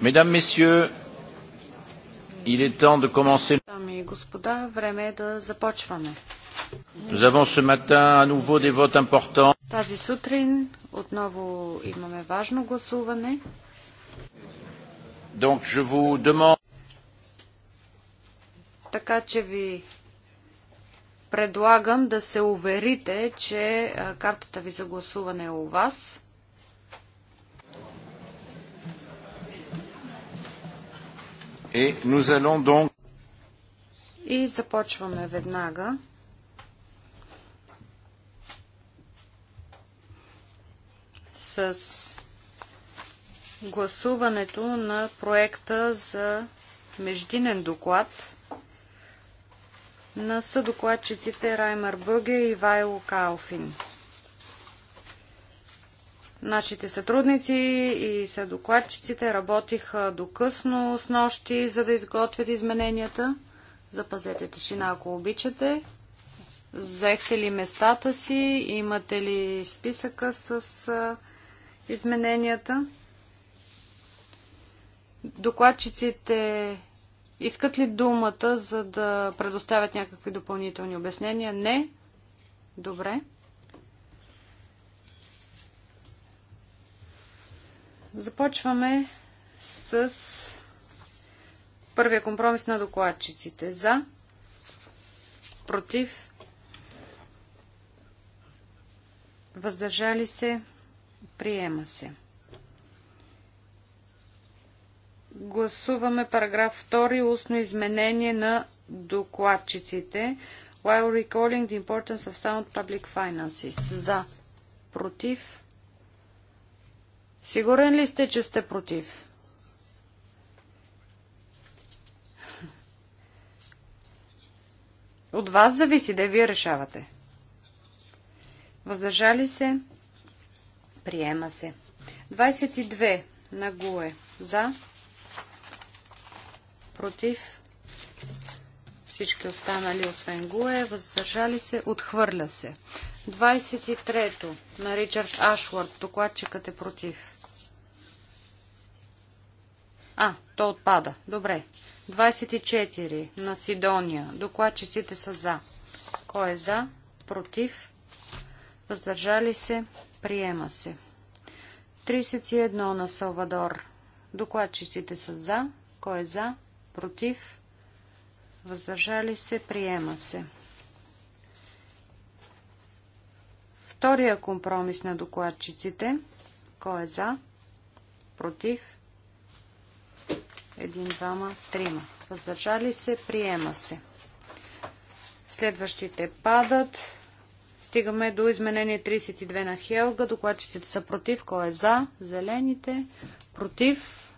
Mesdames, Messieurs, il est temps de commencer. Nous avons ce matin à nouveau des votes importants. Donc je vous demande така че ви предлагам да се уверите, че картата ви за гласуване е у вас. И започваме веднага. С гласуването на проекта за междинен доклад на съдокладчиците Раймар Бъге и Вайло Калфин. Нашите сътрудници и съдокладчиците работиха до късно с нощи, за да изготвят измененията. Запазете тишина, ако обичате. Взехте ли местата си? Имате ли списъка с измененията? Докладчиците искат ли думата, за да предоставят някакви допълнителни обяснения? Не. Добре. Започваме с първия компромис на докладчиците. За, против, въздържали се, приема се. Гласуваме параграф 2, устно изменение на докладчиците. While recalling the importance of sound public finances. За, против, Сигурен ли сте, че сте против? От вас зависи да вие решавате. Въздържали се? Приема се. 22 на Гуе. За? Против? Всички останали, освен Гуе, въздържали се, отхвърля се. 23 на Ричард Ашвард. Докладчикът е против. А, то отпада. Добре. 24 на Сидония. Докладчиците са за. Кой е за? Против? Въздържали се? Приема се. 31 на Салвадор. Докладчиците са за. Кой е за? Против? Въздържали се? Приема се. Втория компромис на докладчиците. Кой е за? Против? 1, 2, 3. Въздържали се, приема се. Следващите падат. Стигаме до изменение 32 на Хелга. Докладчиците са против. Кой е за? Зелените. Против.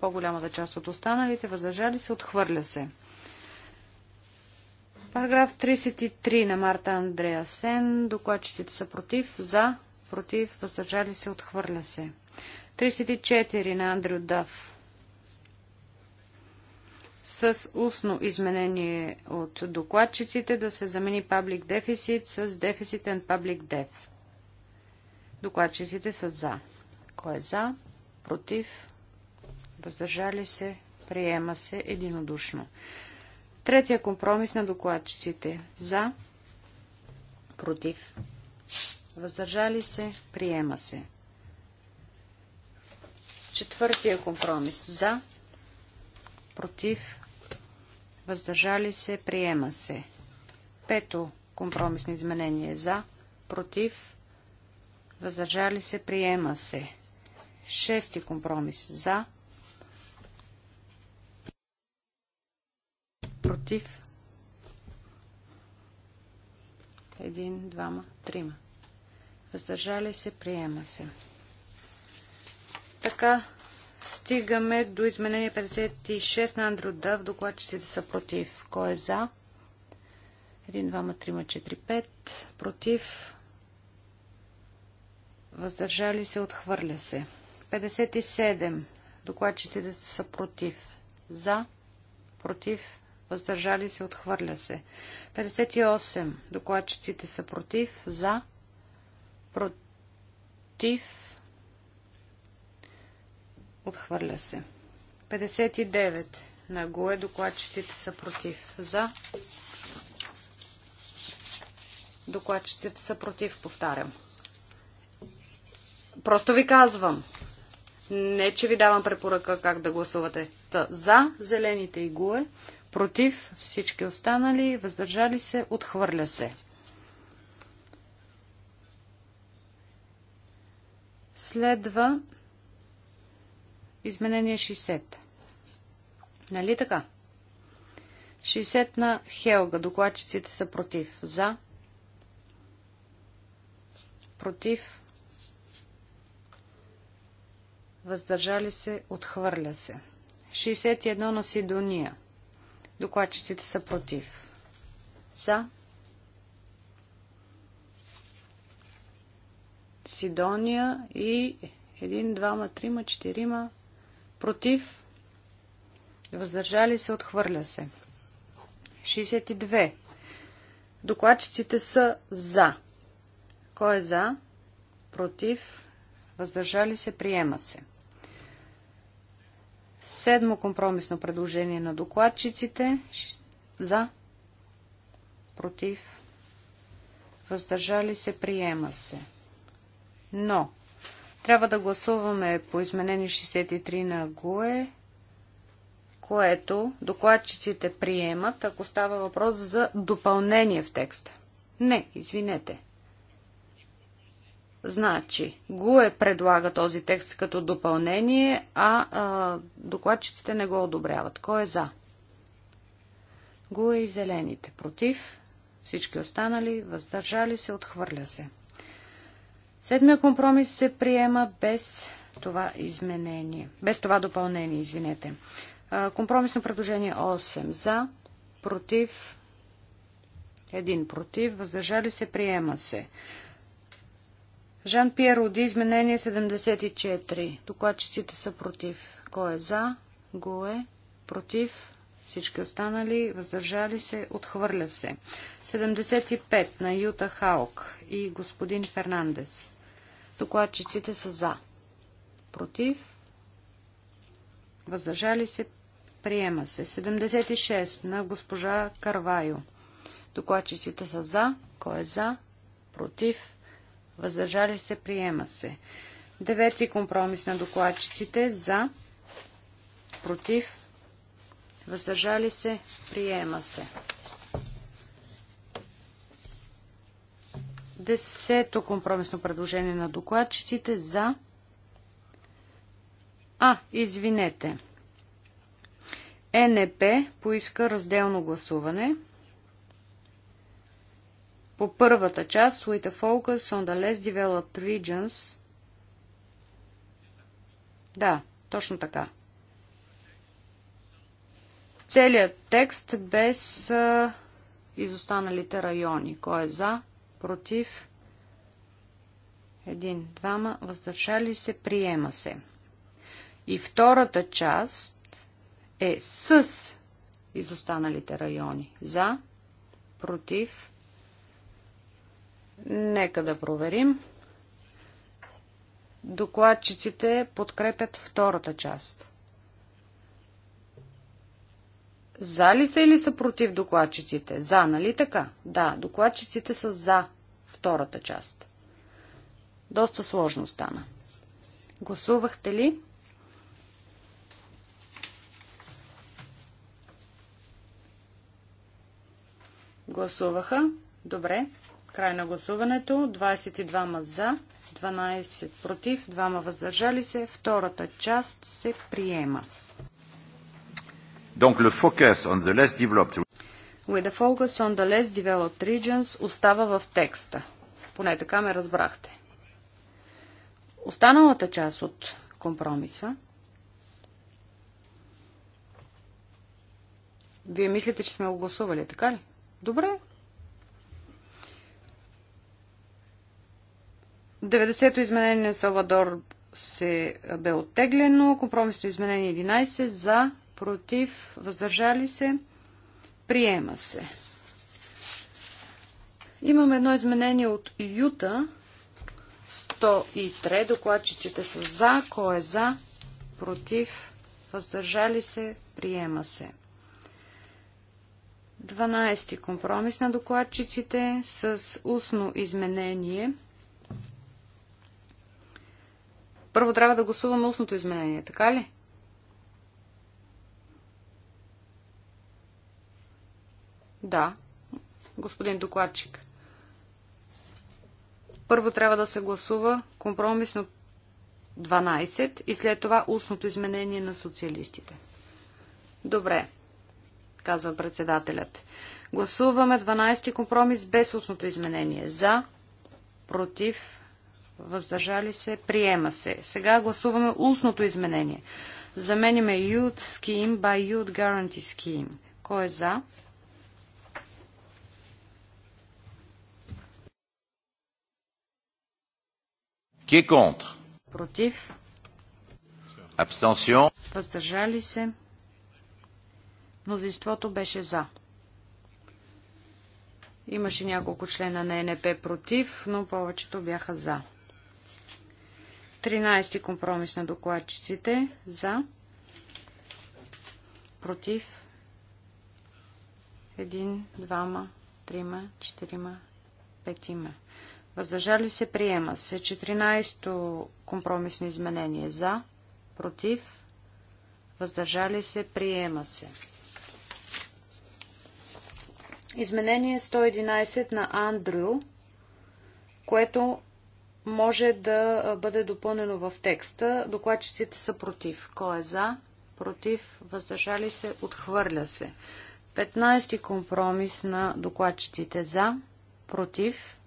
По-голямата част от останалите. Въздържали се. Отхвърля се. Параграф 33 на Марта Андрея Сен. Докладчиците са против. За. Против. Въздържали се. Отхвърля се. 34 на Андрю Дав с устно изменение от докладчиците да се замени public deficit с deficit and public debt. Докладчиците са за. Кой е за? Против? Въздържали се? Приема се единодушно. Третия компромис на докладчиците. За? Против? Въздържали се? Приема се. Четвъртия компромис. За? Против? въздържали се, приема се. Пето компромисно изменение за, против, въздържали се, приема се. Шести компромис за, против, един, двама, трима. Въздържали се, приема се. Така Стигаме до изменение 56 на Андро Дъв. Докладчиците са против. Кой е за? 1, 2, 3, 4, 5. Против. Въздържали се. Отхвърля се. 57. Докладчиците са против. За. Против. Въздържали се. Отхвърля се. 58. Докладчиците са против. За. Против Отхвърля се. 59. На ГОЕ докладчиците са против. За. Докладчиците са против, повтарям. Просто ви казвам. Не, че ви давам препоръка как да гласувате. Та, за зелените и ГУЕ, против всички останали, въздържали се, отхвърля се. Следва Изменение 60. Нали така? 60 на Хелга. Докладчиците са против. За. Против. Въздържали се. Отхвърля се. 61 на Сидония. Докладчиците са против. За. Сидония и 1, 2, 3, 4 против, въздържали се, отхвърля се. 62. Докладчиците са за. Кой е за? Против, въздържали се, приема се. Седмо компромисно предложение на докладчиците. За. Против. Въздържали се. Приема се. Но. Трябва да гласуваме по изменени 63 на ГУЕ, което докладчиците приемат, ако става въпрос за допълнение в текста. Не, извинете. Значи, ГУЕ предлага този текст като допълнение, а, а докладчиците не го одобряват. Кой е за? ГУЕ и зелените. Против? Всички останали? Въздържали се? Отхвърля се. Седмия компромис се приема без това изменение, без това допълнение, извинете. Компромисно предложение 8 за, против, един против, въздържали се, приема се. Жан Пьер Оди, изменение 74. Докладчиците са против. Кой е за? Го е. Против. Всички останали въздържали се, отхвърля се. 75 на Юта Хаук и господин Фернандес. Докладчиците са за. Против. Въздържали се. Приема се. 76 на госпожа Карвайо. Докладчиците са за. Кой е за? Против. Въздържали се. Приема се. Девети компромис на докладчиците. За. Против. Въздържали се. Приема се. Десето компромисно предложение на докладчиците за... А, извинете. Е НП поиска разделно гласуване по първата част With a focus on the less developed regions. Да, точно така. Целият текст без а, изостаналите райони. Кой е за? против, 1, 2, въздържали се, приема се. И втората част е с изостаналите райони. За, против, нека да проверим. Докладчиците подкрепят втората част. За ли са или са против докладчиците? За, нали така? Да, докладчиците са за втората част. Доста сложно стана. Гласувахте ли? Гласуваха. Добре. Край на гласуването. 22 за, 12 против, 2 въздържали се. Втората част се приема. Donc le focus on the less developed With focus on the less developed regions остава в текста. Поне така ме разбрахте. Останалата част от компромиса Вие мислите, че сме го гласували, така ли? Добре. 90-то изменение на Салвадор се бе оттеглено. Компромисно изменение 11 за против, въздържали се, приема се. Имаме едно изменение от Юта 103. Докладчиците са за, кой е за, против, въздържали се, приема се. 12. Компромис на докладчиците с устно изменение. Първо трябва да гласуваме устното изменение, така ли? Да, господин докладчик. Първо трябва да се гласува компромисно 12 и след това устното изменение на социалистите. Добре, казва председателят. Гласуваме 12 компромис без устното изменение. За, против, въздържали се, приема се. Сега гласуваме устното изменение. Заменяме Youth Scheme by Youth Guarantee Scheme. Кой е за? Qui est contre? Против. Абстенцион. Въздържали се. Мнозинството беше за. Имаше няколко члена на НП против, но повечето бяха за. 13 компромис на докладчиците за. Против. Един, двама, трима, четирима, петима въздържали се, приема се. 14-то компромисно изменение за, против, въздържали се, приема се. Изменение 111 на Андрю, което може да бъде допълнено в текста. Докладчиците са против. Кой е за? Против, въздържали се, отхвърля се. 15 компромис на докладчиците за, против,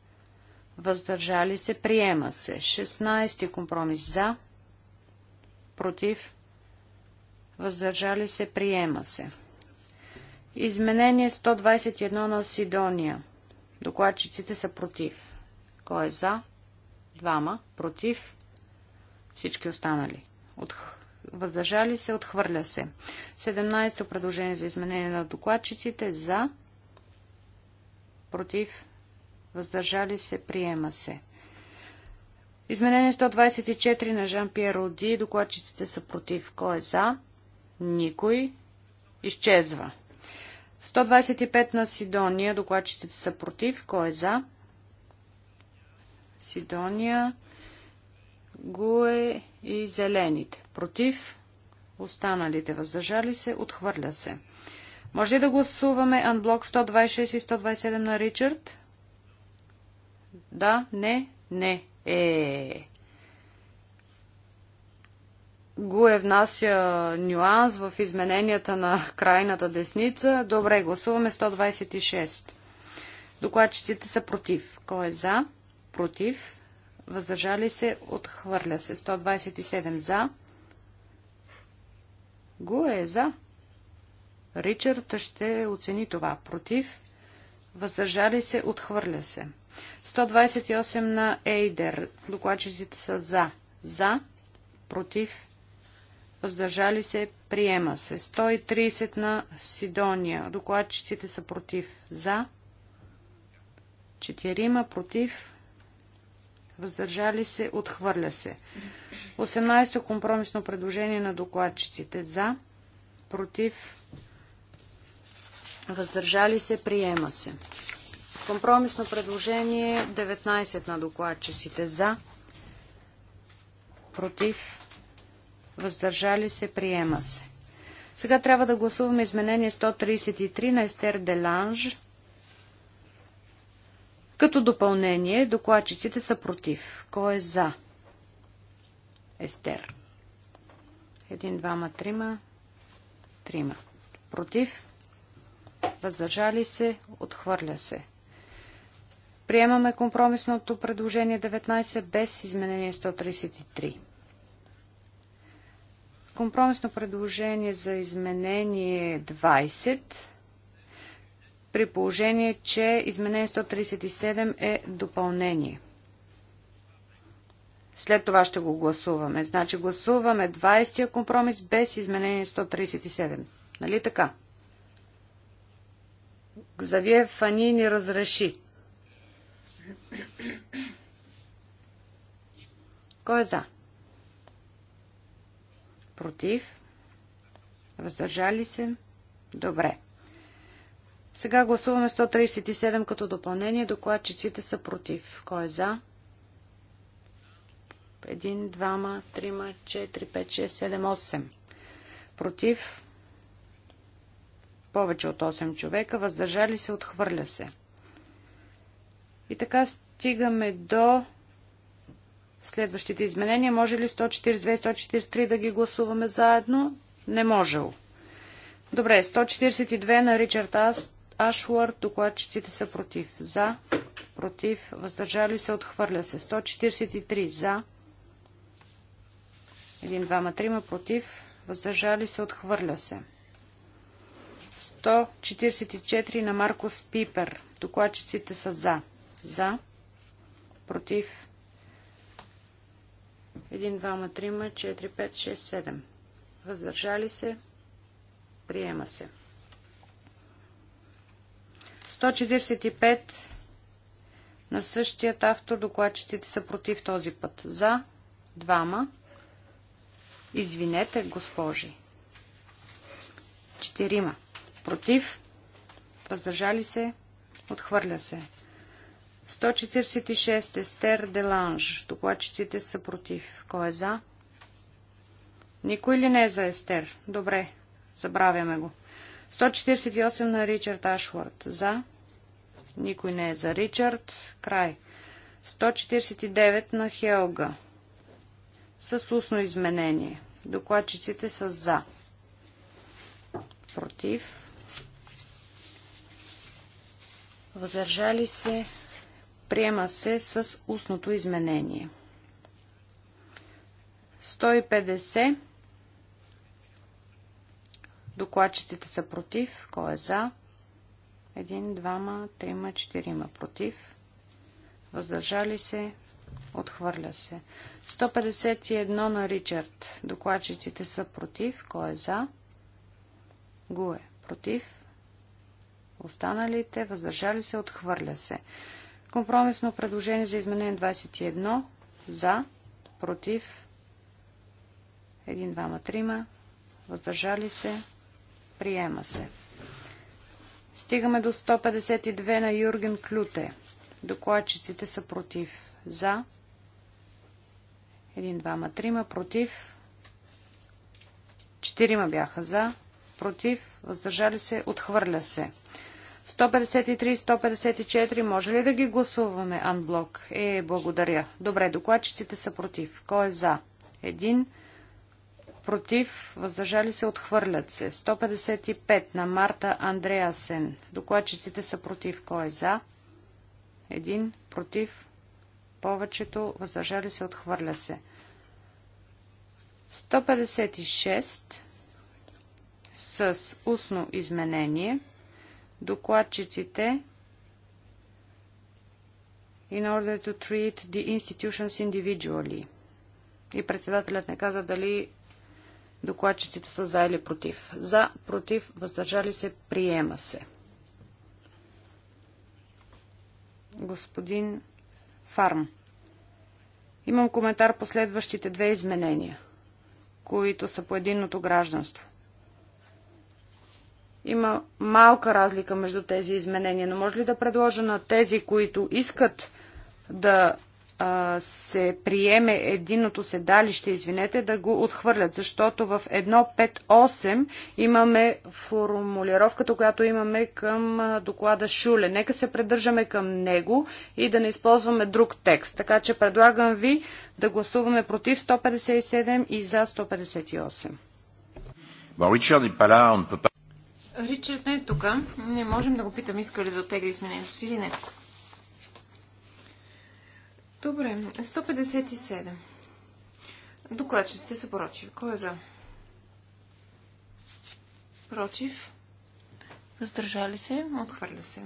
въздържали се, приема се. 16 компромис за, против, въздържали се, приема се. Изменение 121 на Сидония. Докладчиците са против. Кой е за? Двама. Против. Всички останали. От... Въздържали се, отхвърля се. 17-то предложение за изменение на докладчиците. За. Против въздържали се, приема се. Изменение 124 на Жан-Пьер Роди. Докладчиците са против. Кой е за? Никой. Изчезва. 125 на Сидония. Докладчиците са против. Кой е за? Сидония. Гуе и зелените. Против. Останалите въздържали се. Отхвърля се. Може ли да гласуваме анблок 126 и 127 на Ричард? Да, не, не. Е. Го е внася нюанс в измененията на крайната десница. Добре, гласуваме 126. Докладчиците са против. Кой е за? Против. Въздържали се? Отхвърля се. 127 за. Го е за. Ричард ще оцени това. Против. Въздържали се? Отхвърля се. 128 на Ейдер. Докладчиците са за. За, против, въздържали се, приема се. 130 на Сидония. Докладчиците са против. За, четирима, против, въздържали се, отхвърля се. 18 компромисно предложение на докладчиците. За, против, въздържали се, приема се. Компромисно предложение 19 на докладчиците за, против, въздържали се, приема се. Сега трябва да гласуваме изменение 133 на Естер Деланж. Като допълнение, докладчиците са против. Кой е за? Естер. Един, двама, трима. Трима. Против. Въздържали се. Отхвърля се. Приемаме компромисното предложение 19 без изменение 133. Компромисно предложение за изменение 20 при положение, че изменение 137 е допълнение. След това ще го гласуваме. Значи гласуваме 20-я компромис без изменение 137. Нали така? Завие Фани ни разреши. Кой е за? Против? Въздържали се? Добре. Сега гласуваме 137 като допълнение. Докладчиците са против. Кой е за? 1, 2, 3, 4, 5, 6, 7, 8. Против? Повече от 8 човека. Въздържали се? Отхвърля се. И така стигаме до следващите изменения. Може ли 142 и 143 да ги гласуваме заедно? Не можел. Добре, 142 на Ричард Ашуар, докладчиците са против. За, против, въздържали се, отхвърля се. 143 за, 1, 2, 3 против, въздържали се, отхвърля се. 144 на Маркус Пипер. Докладчиците са за. За. Против. 1, 2, 3, 4, 5, 6, 7. Въздържали се. Приема се. 145 на същият автор докладчиците са против този път. За двама. Извинете, госпожи. Четирима. Против. Въздържали се. Отхвърля се. 146. Естер Деланж. Докладчиците са против. Кой е за? Никой ли не е за Естер? Добре. Забравяме го. 148 на Ричард Ашвард. За. Никой не е за Ричард. Край. 149 на Хелга. С устно изменение. Докладчиците са за. Против. Въздържали се. Приема се с устното изменение. 150. Докладчиците са против. Кой е за? Един, двама, трима, 4 против. Въздържали се. Отхвърля се. 151 на Ричард. Докладчиците са против. Кой е за? Гуе. Против. Останалите. Въздържали се. Отхвърля се. Компромисно предложение за изменение 21. За. Против. 1, 2, 3. Въздържали се. Приема се. Стигаме до 152 на Юрген Клюте. Докладчиците са против. За. 1, 2, 3. Против. 4 бяха за. Против. Въздържали се. Отхвърля се. 153, 154, може ли да ги гласуваме анблок? Е, благодаря. Добре, докладчиците са против. Кой е за? Един. Против, въздържали се, отхвърлят се. 155 на Марта Андреасен. Докладчиците са против. Кой е за? Един. Против. Повечето, въздържали се, отхвърля се. 156 с устно изменение – докладчиците in order to treat the institutions individually. И председателят не каза дали докладчиците са за или против. За, против, въздържали се, приема се. Господин Фарм. Имам коментар по следващите две изменения, които са по единното гражданство. Има малка разлика между тези изменения, но може ли да предложа на тези, които искат да а, се приеме единното седалище, извинете, да го отхвърлят, защото в 1.5.8 имаме формулировката, която имаме към доклада Шуле. Нека се придържаме към него и да не използваме друг текст. Така че предлагам ви да гласуваме против 157 и за 158. Bon, Richard n'est pas là, on ne peut pas... Ричард не е тук. Не можем да го питам, иска ли да отегли изменението си или не. Добре, 157. Докладчиците са против. Кой е за? Против. Въздържали се. Отхвърля се.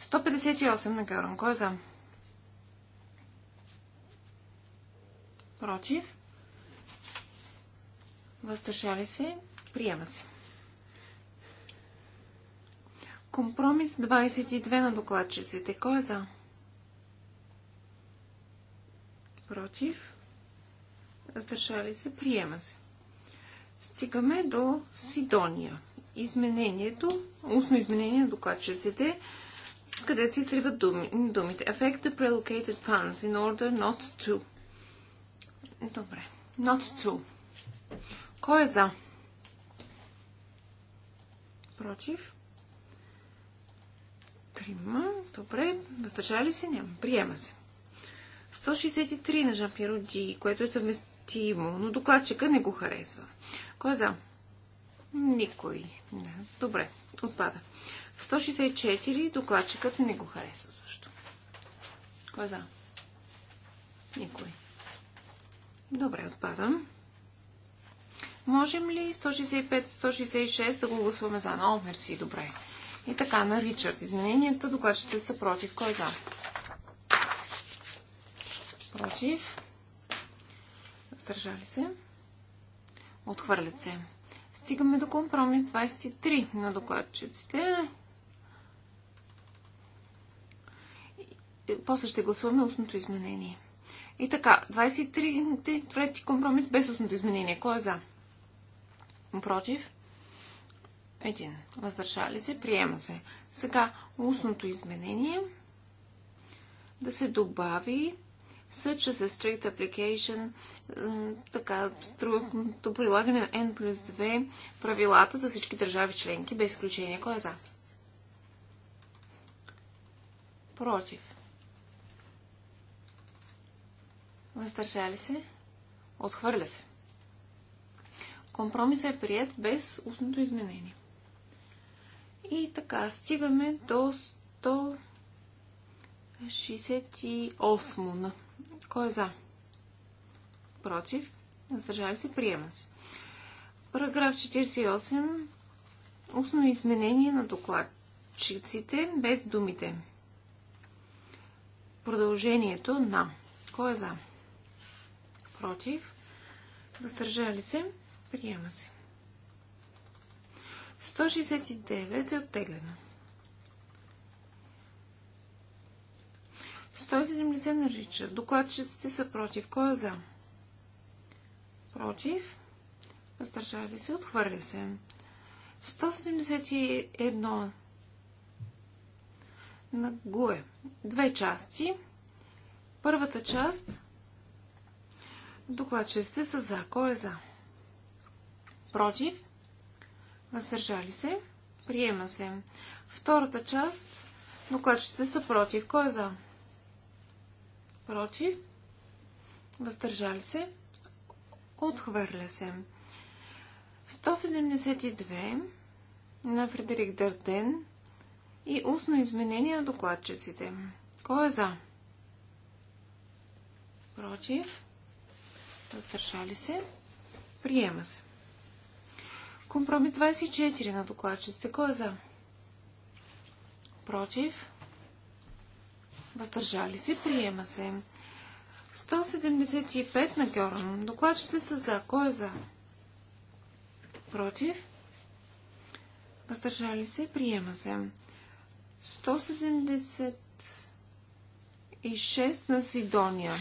158 на Георан. Кой е за? Против. Въздържали се. Приема се. Компромис 22 на докладчиците. Кой е за? Против? Раздържали се? Приема се. Стигаме до Сидония. Изменението, устно изменение на докладчиците, Къде се изтриват думи, думите. Affect the prelocated funds in order not to. Добре. Not to. Кой е за? Против? Трима. Добре. Въздържали се? Няма. Приема се. 163 на Жан Ди, което е съвместимо, но докладчика не го харесва. Кой е за? Никой. Не. Добре. Отпада. 164 докладчикът не го харесва също. Кой е за? Никой. Добре, отпадам. Можем ли 165-166 да го гласуваме за? О, мерси, добре. И така, на Ричард измененията, докладчите са против. Кой е за? Против. Въздържали се. Отхвърлят се. Стигаме до компромис 23 на докладчиците. После ще гласуваме устното изменение. И така, 23-ти компромис без устното изменение. Кой е за? Против? Един. Въздържали се, приема се. Сега устното изменение да се добави such as a strict application, така, строгото прилагане на N плюс 2 правилата за всички държави членки, без изключение. Кой е за? Против. Въздържали се? Отхвърля се. Компромисът е прият без устното изменение. И така, стигаме до 168. Кой е за? Против? задържали се? Приема се. Параграф 48. Устно изменение на докладчиците без думите. Продължението на. Кой е за? Против? Въздържали се? Приема се. 169 е оттеглена. 170 нарича. Докладчиците са против. Кой е за? Против. Въздържали се. Отхвърля се. 171 на Гуе. Две части. Първата част. Докладчиците са за. Кой е за? Против. Въздържали се. Приема се. Втората част. Докладчите са против. Кой е за? Против. Въздържали се. Отхвърля се. 172 на Фредерик Дърден и устно изменение на докладчиците. Кой е за? Против. Въздържали се. Приема се. Компромис 24 на докладчиците. Кой е за? Против? Въздържали се? Приема се. 175 на Георан. Докладчите са за. Кой е за? Против? Въздържали се? Приема се. 176 на Сидония.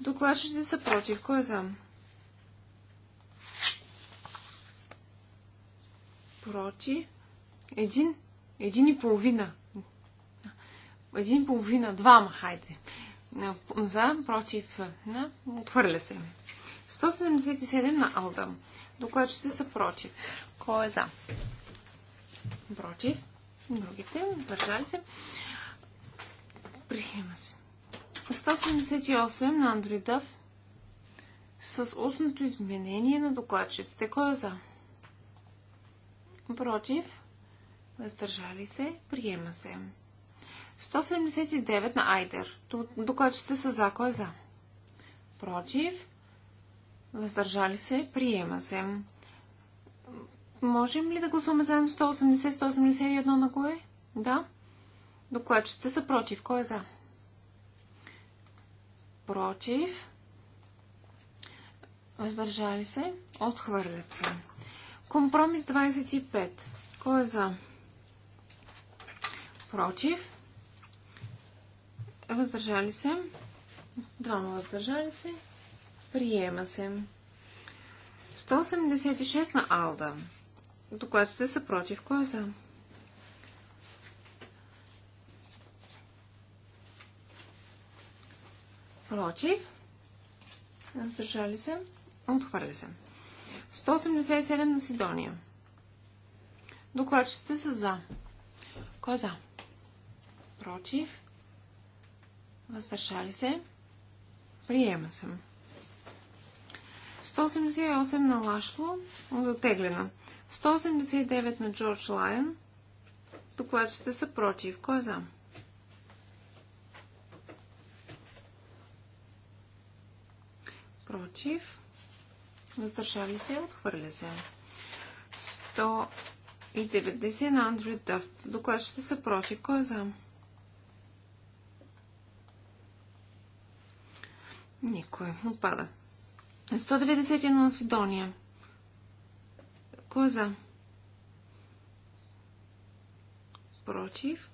Докладчите са против. Кой е за? против, един, един и половина. Един и половина, двама, хайде. За, против, на, отхвърля се. 177 на Алда. Докладчите са против. Кой е за? Против. Другите, държали се. Приема се. 178 на Андридав с устното изменение на докладчиците. Кой е за? против, въздържали се, приема се. 179 на Айдер. ще са за. Кой е за? Против. Въздържали се. Приема се. Можем ли да гласуваме заедно 180-181 на кое? Да. Докладчите са против. Кой е за? Против. Въздържали се. Отхвърлят се. Компромис 25. Кой е за? Против. Въздържали се. Двама въздържали се. Приема се. 186 на Алда. Докладите са против. Кой е за? Против. Въздържали се. Отхвърли се. 187 на Сидония. Докладчите са за. Кой е за? Против. Въздържали се. Приема се. 188 на Лашло. Оттеглена. 189 на Джордж Лайон. Докладчите са против. Кой е за? Против въздържали се, отхвърля се. 190 на Андрю Дъв. Докладчите са против. Кой е за? Никой. Отпада. 191 на Сидония. Кой е за? Против.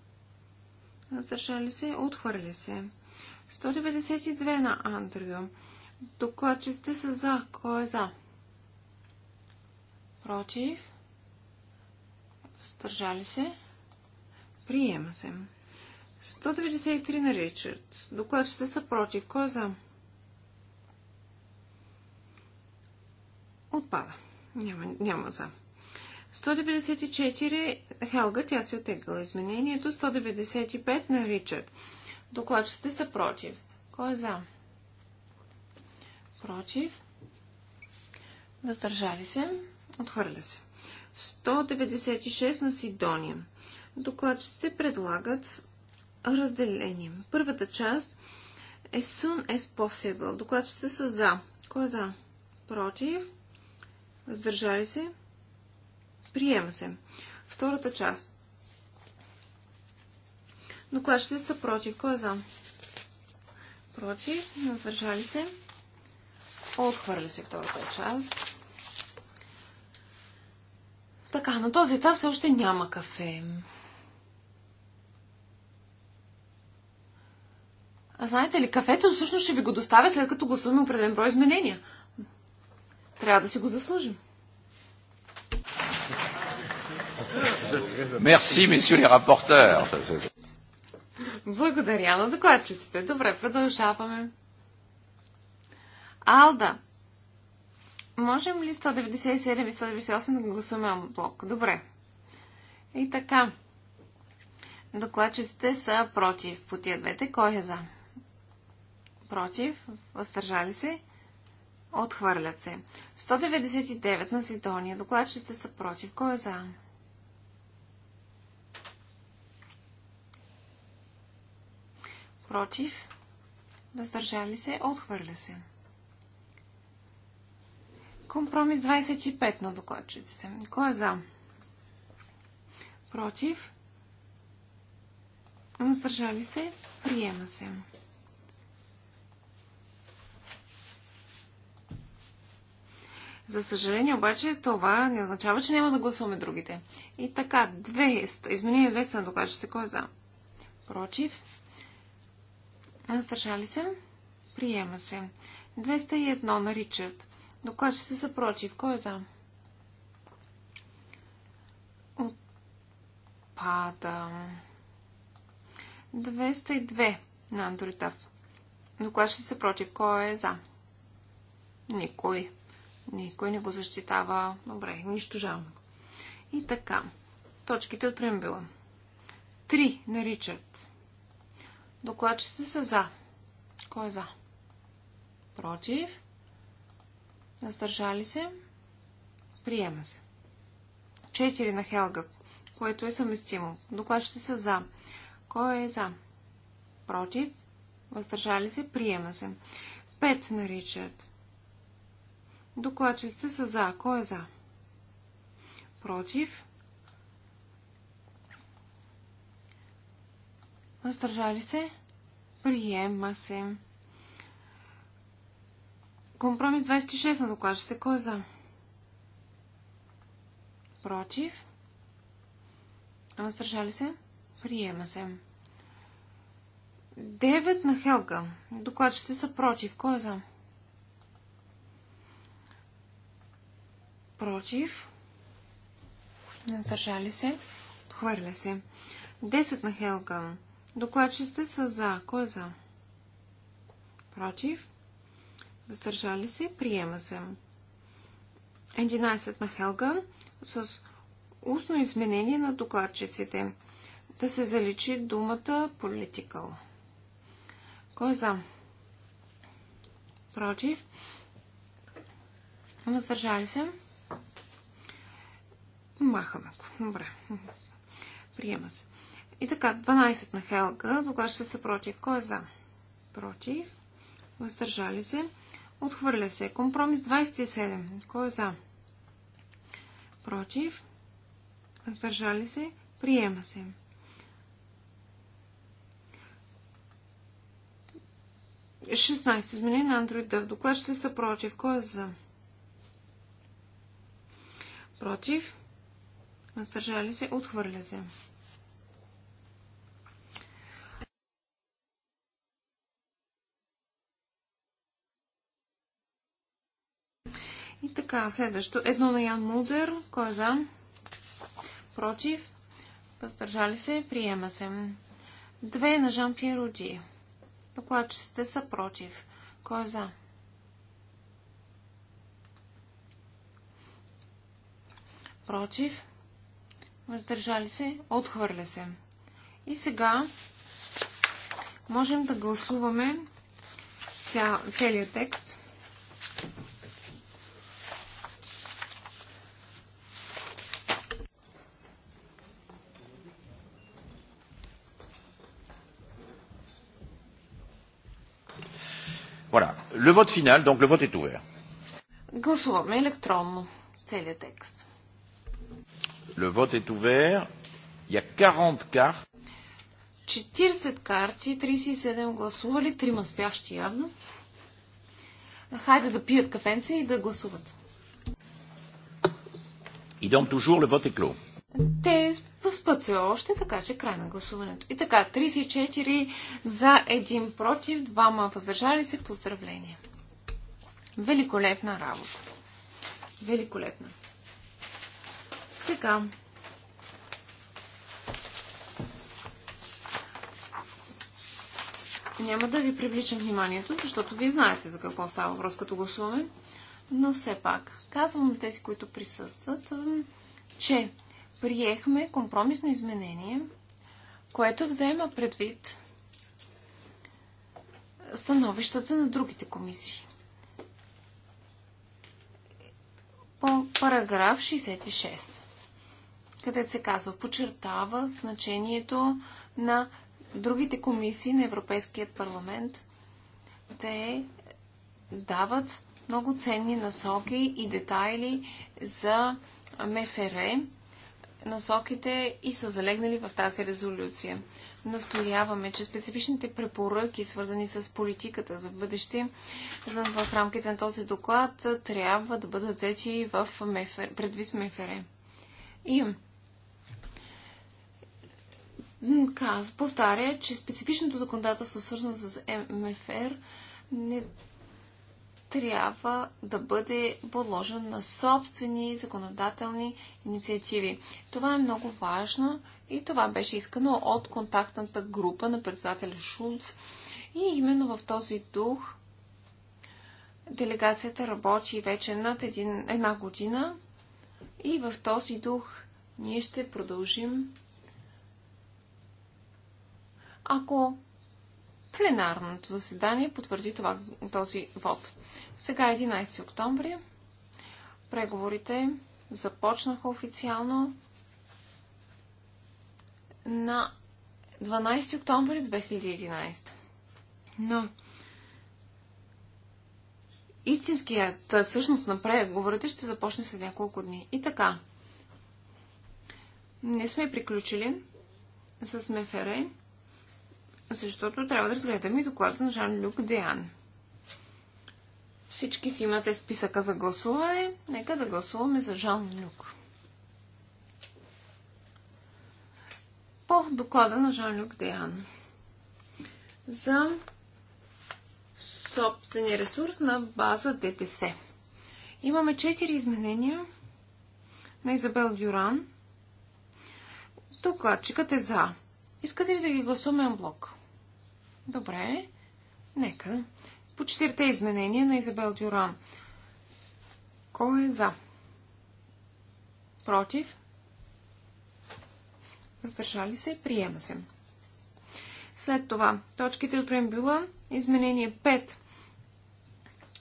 Въздържали се, отхвърля се. 192 на Андрю. Докладчиците са за. Кой е за? Против. Стържали се. Приема се. 193 на Ричард. Докладчиците са против. Кой е за? Отпада. Няма, няма за. 194 Хелга, тя си отегла изменението. 195 на Ричард. Докладчиците са против. Кой е за? против, въздържали се, отхвърля се. 196 на Сидония. Докладчите предлагат разделение. Първата част as е soon as possible. Докладчите са за. Кой е за? Против. Въздържали се. Приема се. Втората част. Докладчите са против. Кой е за? Против. Въздържали се. Отхвърля се втората част. Така, на този етап все още няма кафе. А знаете ли, кафето всъщност ще ви го доставя след като гласуваме определен брой изменения. Трябва да си го заслужим. Мерси, месио ли рапортер. Благодаря на докладчиците. Добре, продължаваме. Алда. Можем ли 197 и 198 да гласуваме блок? Добре. И така. Докладчиците са против по тия двете. Кой е за? Против. Въздържали се. Отхвърлят се. 199 на Сидония. Докладчиците са против. Кой е за? Против. Въздържали се. Отхвърля се. Компромис 25 на се. Кой е за? Против? Въздържали се? Приема се. За съжаление обаче това не означава, че няма да гласуваме другите. И така, 200, изменение 200 на докладчиците. Кой е за? Против? Въздържали се? Приема се. 201 на Ричард. Докладчите са против. Кой е за? Отпада. 202 на Андоритав. Докладчите са против. Кой е за? Никой. Никой не го защитава. Добре, нищо жално. И така. Точките от преамбила. 3 на Ричард. Докладчите са за. Кой е за? Против. Въздържали се. Приема се. Четири на Хелга, което е съместимо. Докладчите са за. Кой е за? Против. Въздържали се. Приема се. Пет на Ричард. Докладчите са за. Кой е за? Против. Въздържали се. Приема се. Компромис 26 на докладчите. Кой е за? Против. Въздържали се? Приема се. 9 на Хелга. Докладчите са против. Кой е за? Против. Въздържали се? Отхвърля се. 10 на Хелга. Докладчите са за. Кой е за? Против въздържали се, приема се. 11 на Хелга с устно изменение на докладчиците. Да се заличи думата political. Кой е за? Против? Въздържали се? Махаме го. Добре. Приема се. И така, 12 на Хелга. Докладчите са против. Кой е за? Против? Въздържали се? Отхвърля се. Компромис 27. Кой е за? Против. Въздържали се. Приема се. Шестнайсто изменение на Android Dev. Доклад ще са против. Кой е за? Против. Въздържали се. Отхвърля се. Така, следващо. Едно на Ян Мулдер. Кой е за? Против. Въздържали се. Приема се. Две на Жан Пьер Оди. Докладчиците са против. Кой е за? Против. Въздържали се. Отхвърля се. И сега можем да гласуваме ця... целият текст. Le vote final, donc le vote est ouvert. Le vote est ouvert. Il y a 40 cartes. 40 карти, 37 гласували, 3 спящи явно. Хайде да пият кафенце и да гласуват. И donc toujours le vote est clos. Те спът се още, така че край на гласуването. И така, 34 за, един против, двама въздържали се. Поздравления! Великолепна работа! Великолепна! Сега, няма да ви привличам вниманието, защото вие знаете за какво става въпрос, като гласуваме. Но все пак, казвам на тези, които присъстват, че приехме компромисно изменение, което взема предвид становищата на другите комисии. По параграф 66, където се казва, подчертава значението на другите комисии на Европейският парламент. Те дават много ценни насоки и детайли за МФР насоките и са залегнали в тази резолюция. Настояваме, че специфичните препоръки, свързани с политиката за бъдеще, в рамките на този доклад трябва да бъдат взети в мефер, предвид МЕФЕРЕ. И Каз повтаря, че специфичното законодателство, свързано с МФР, не трябва да бъде подложен на собствени законодателни инициативи. Това е много важно и това беше искано от контактната група на председателя Шулц. И именно в този дух делегацията работи вече над един, една година и в този дух ние ще продължим. Ако Пленарното заседание потвърди това, този вод. Сега 11 е октомври. Преговорите започнаха официално на 12 октомври 2011. Но истинският същност на преговорите ще започне след няколко дни. И така, не сме приключили с МФР защото трябва да разгледаме и доклада на Жан-Люк Деян. Всички си имате списъка за гласуване. Нека да гласуваме за Жан-Люк. По доклада на Жан-Люк Деян за собствения ресурс на база ДТС. Имаме четири изменения на Изабел Дюран. Докладчикът е за. Искате ли да ги гласуваме блок? Добре. Нека. По четирите изменения на Изабел Дюран. Кой е за? Против? Въздържали се? Приема се. След това, точките от преамбюла, изменение 5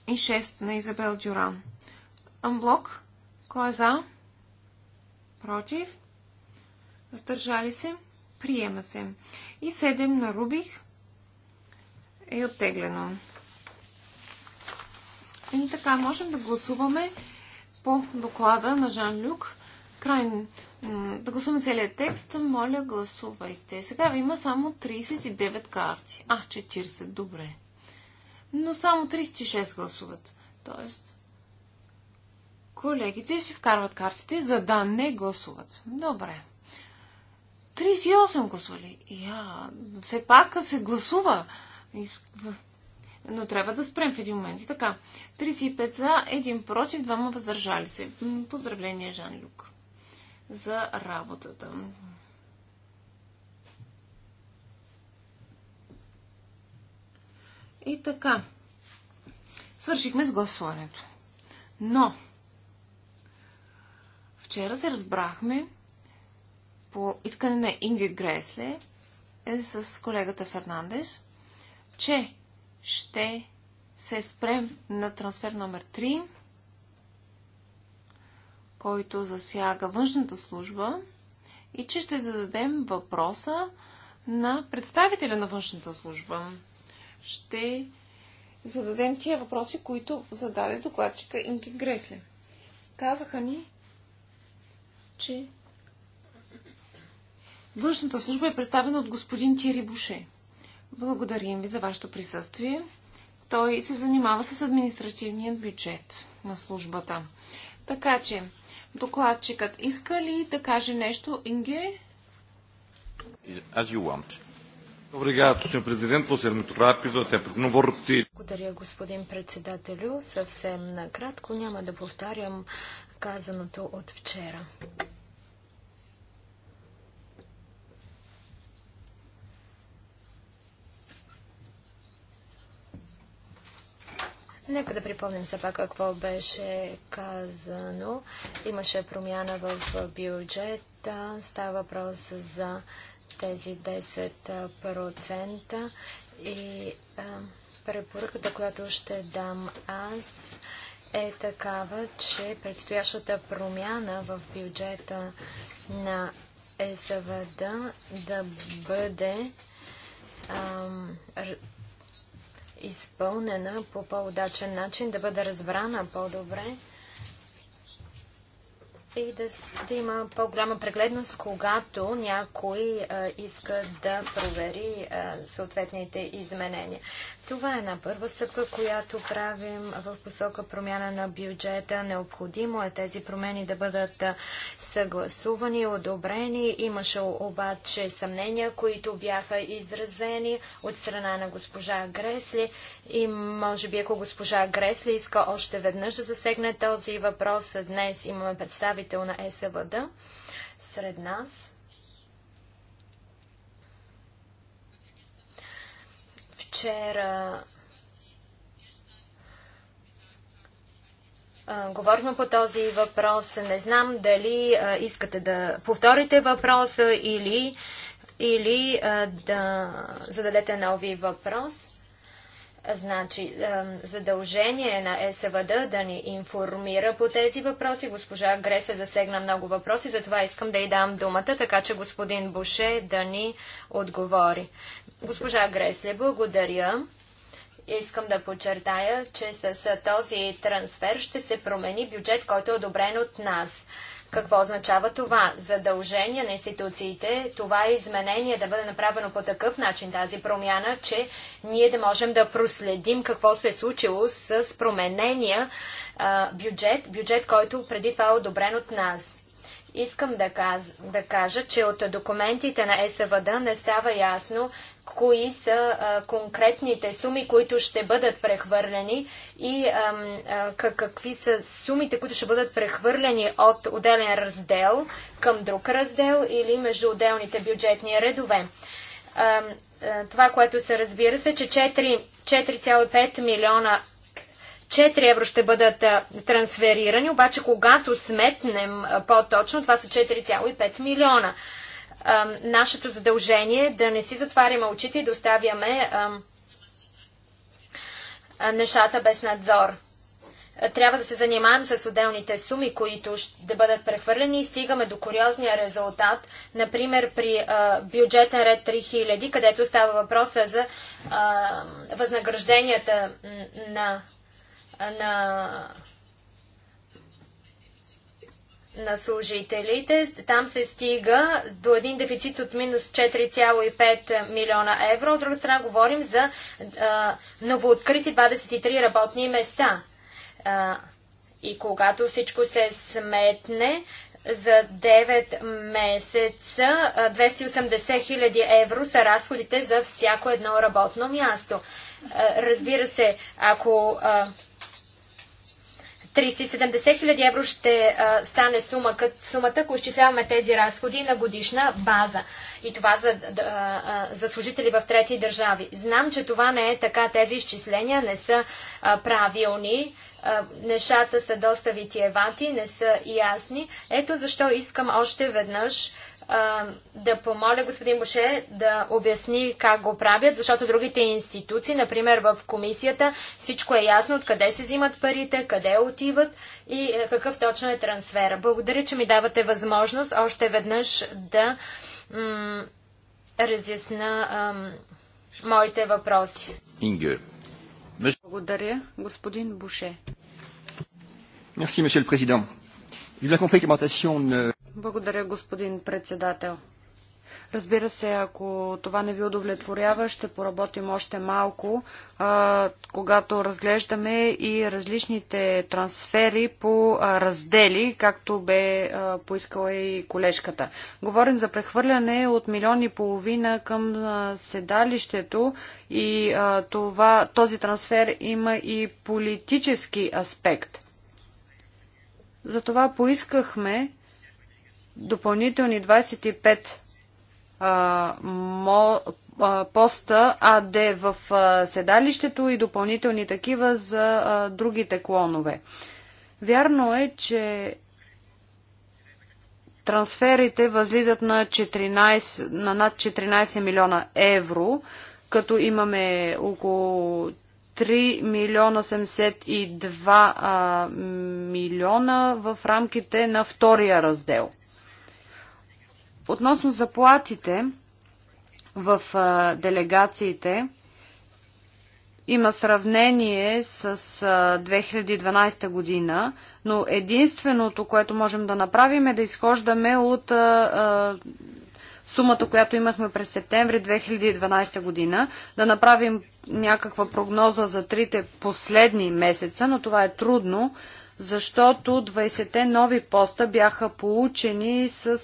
и 6 на Изабел Дюран. Амблок. Кой е за? Против? Въздържали се? Приема се. И 7 на Рубих е оттеглено. И така, можем да гласуваме по доклада на Жан Люк. Край... да гласуваме целият текст. Моля, гласувайте. Сега има само 39 карти. А, 40, добре. Но само 36 гласуват. Тоест, колегите си вкарват картите, за да не гласуват. Добре. 38 гласували. Я, все пак се гласува. Но трябва да спрем в един момент. И така. 35 за, един против, двама въздържали се. Поздравление, Жан Люк, за работата. И така. Свършихме с гласуването. Но, вчера се разбрахме по искане на Инге Гресле е с колегата Фернандес, че ще се спрем на трансфер номер 3, който засяга външната служба и че ще зададем въпроса на представителя на външната служба. Ще зададем тия въпроси, които зададе докладчика Инки Гресле. Казаха ни, че външната служба е представена от господин Тири Буше. Благодарим ви за вашето присъствие. Той се занимава с административният бюджет на службата. Така че, докладчикът иска ли да каже нещо, Инге? As you want. Благодаря, господин председателю. Съвсем накратко няма да повтарям казаното от вчера. Нека да припомним все пак какво беше казано. Имаше промяна в бюджета. Става въпрос за тези 10% и препоръката, която ще дам аз е такава, че предстоящата промяна в бюджета на ЕСВД да бъде изпълнена по по-удачен начин, да бъде разбрана по-добре и да, да има по-голяма прегледност, когато някой а, иска да провери а, съответните изменения. Това е една първа стъпка, която правим в посока промяна на бюджета. Необходимо е тези промени да бъдат съгласувани, одобрени. Имаше обаче съмнения, които бяха изразени от страна на госпожа Гресли и може би ако госпожа Гресли иска още веднъж да засегне този въпрос, днес имаме представи представител на ЕСВД сред нас. Вчера Говорихме по този въпрос. Не знам дали а, искате да повторите въпроса или, или а, да зададете нови въпрос. Значи, задължение на СВД да ни информира по тези въпроси. Госпожа Греса засегна много въпроси, затова искам да й дам думата, така че господин Буше да ни отговори. Госпожа Гресле, благодаря. Искам да подчертая, че с този трансфер ще се промени бюджет, който е одобрен от нас. Какво означава това? Задължение на институциите, това е изменение да бъде направено по такъв начин, тази промяна, че ние да можем да проследим какво се е случило с променения а, бюджет, бюджет, който преди това е одобрен от нас. Искам да, каз, да кажа, че от документите на СВД не става ясно кои са а, конкретните суми, които ще бъдат прехвърлени и а, а, какви са сумите, които ще бъдат прехвърлени от отделен раздел към друг раздел или между отделните бюджетни редове. А, това, което се разбира се, че 4,5 милиона 4 евро ще бъдат трансферирани, обаче когато сметнем по-точно, това са 4,5 милиона. Нашето задължение е да не си затваряме очите и да оставяме нещата без надзор. Трябва да се занимаем с отделните суми, които ще бъдат прехвърлени и стигаме до куриозния резултат. Например, при бюджета бюджетен ред 3000, където става въпроса за възнагражденията на на на служителите. Там се стига до един дефицит от минус 4,5 милиона евро. От друга страна говорим за а, новооткрити 23 работни места. А, и когато всичко се сметне, за 9 месеца 280 хиляди евро са разходите за всяко едно работно място. разбира се, ако 370 хиляди евро ще а, стане сума, кът, сумата, ако изчисляваме тези разходи на годишна база. И това за, а, за служители в трети държави. Знам, че това не е така. Тези изчисления не са а, правилни. А, нещата са доста витиевати, не са ясни. Ето защо искам още веднъж да помоля господин Боше да обясни как го правят, защото другите институции, например в комисията, всичко е ясно откъде се взимат парите, къде отиват и е, какъв точно е трансфера. Благодаря, че ми давате възможност още веднъж да разясна моите въпроси. Благодаря, господин Буше. Merci, monsieur le président. compris ne... Благодаря, господин председател. Разбира се, ако това не ви удовлетворява, ще поработим още малко, а, когато разглеждаме и различните трансфери по а, раздели, както бе а, поискала и колежката. Говорим за прехвърляне от милиони и половина към седалището и това, този трансфер има и политически аспект. Затова поискахме допълнителни 25 а, мо, а, поста АД в а, седалището и допълнителни такива за а, другите клонове. Вярно е, че трансферите възлизат на, 14, на над 14 милиона евро, като имаме около 3 милиона 72 милиона в рамките на втория раздел – Относно заплатите в делегациите, има сравнение с 2012 година, но единственото, което можем да направим е да изхождаме от сумата, която имахме през септември 2012 година, да направим някаква прогноза за трите последни месеца, но това е трудно, защото 20-те нови поста бяха получени с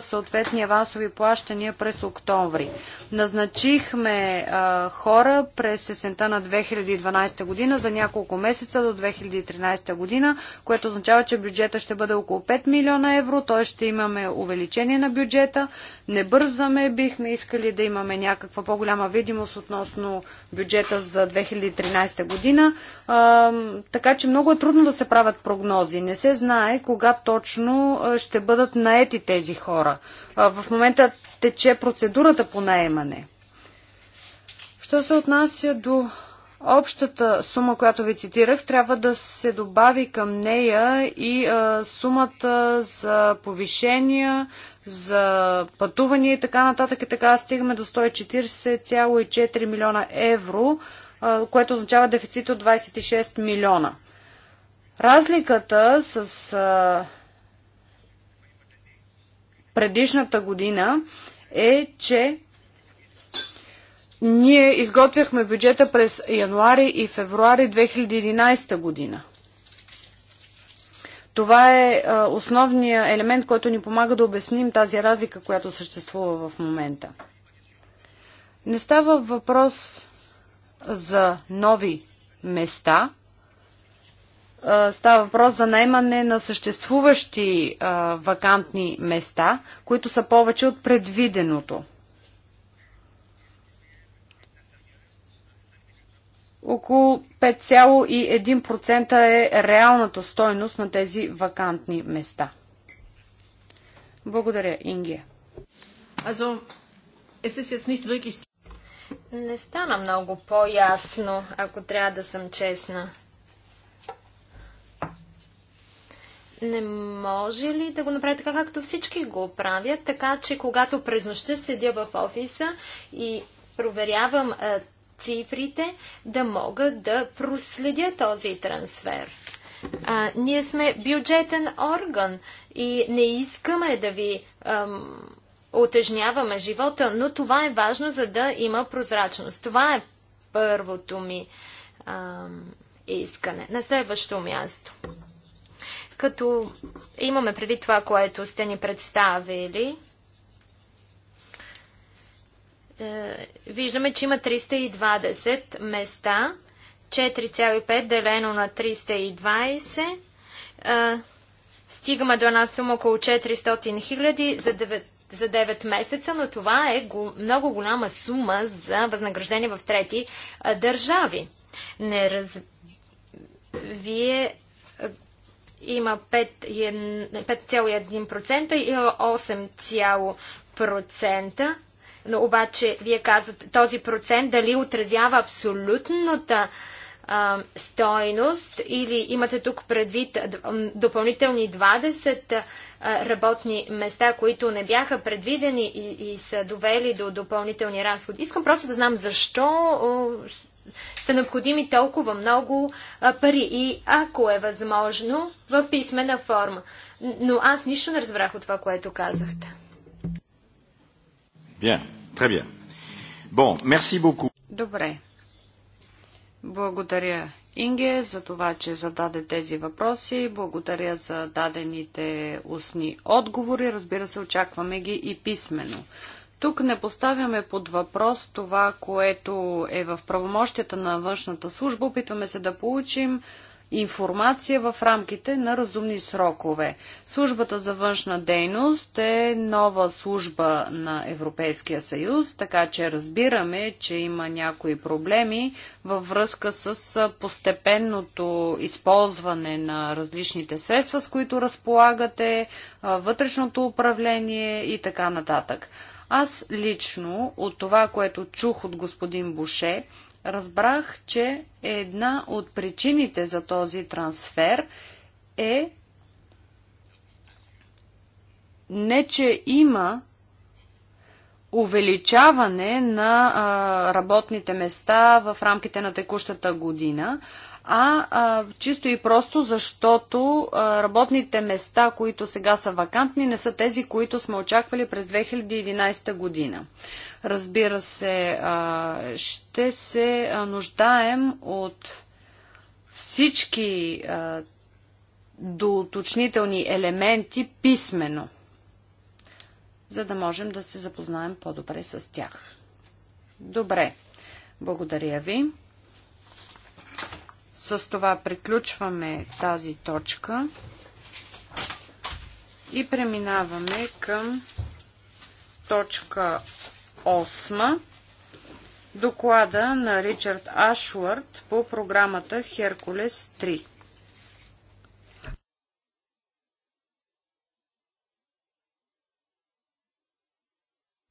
съответни авансови плащания през октомври. Назначихме а, хора през есента на 2012 година за няколко месеца до 2013 година, което означава, че бюджета ще бъде около 5 милиона евро, т.е. ще имаме увеличение на бюджета. Не бързаме, бихме искали да имаме някаква по-голяма видимост относно бюджета за 2013 година. А, така че много е трудно да се правят прогнози. Не се знае кога точно ще бъдат наети тези хора. В момента тече процедурата по наемане. Що се отнася до общата сума, която ви цитирах, трябва да се добави към нея и сумата за повишения, за пътувания и така нататък и така стигаме до 140,4 милиона евро, което означава дефицит от 26 милиона. Разликата с а, предишната година е, че ние изготвяхме бюджета през януари и февруари 2011 година. Това е а, основният елемент, който ни помага да обясним тази разлика, която съществува в момента. Не става въпрос за нови места, става въпрос за наемане на съществуващи а, вакантни места, които са повече от предвиденото. Около 5,1% е реалната стойност на тези вакантни места. Благодаря, Ингия. Also, es ist jetzt nicht wirklich... Не стана много по-ясно, ако трябва да съм честна. не може ли да го направя така, както всички го правят, така че когато през нощта седя в офиса и проверявам цифрите, да мога да проследя този трансфер? А, ние сме бюджетен орган и не искаме да ви ам, отежняваме живота, но това е важно, за да има прозрачност. Това е първото ми ам, искане. На следващо място. Като имаме преди това, което сте ни представили, е, виждаме, че има 320 места, 4,5 делено на 320 е, стигаме до една сума около 400 хиляди за 9, за 9 месеца, но това е много голяма сума за възнаграждение в трети е, държави. Не раз... Вие има 5,1% и 8,0%. Но обаче, вие казвате, този процент дали отразява абсолютната а, стойност или имате тук предвид допълнителни 20 а, работни места, които не бяха предвидени и, и са довели до допълнителни разходи. Искам просто да знам защо са необходими толкова много пари и ако е възможно, в писмена форма. Но аз нищо не разбрах от това, което казахте. Bien, très bien. Bon, merci beaucoup. Добре. Благодаря, Инге, за това, че зададе тези въпроси. Благодаря за дадените устни отговори. Разбира се, очакваме ги и писменно. Тук не поставяме под въпрос това, което е в правомощията на външната служба. Опитваме се да получим информация в рамките на разумни срокове. Службата за външна дейност е нова служба на Европейския съюз, така че разбираме, че има някои проблеми във връзка с постепенното използване на различните средства, с които разполагате, вътрешното управление и така нататък. Аз лично от това, което чух от господин Буше, разбрах, че една от причините за този трансфер е не, че има увеличаване на а, работните места в рамките на текущата година, а, а чисто и просто защото а, работните места, които сега са вакантни, не са тези, които сме очаквали през 2011 година. Разбира се, а, ще се нуждаем от всички а, доуточнителни елементи писменно – за да можем да се запознаем по-добре с тях. Добре, благодаря ви. С това приключваме тази точка и преминаваме към точка 8. Доклада на Ричард Ашуарт по програмата Херкулес 3.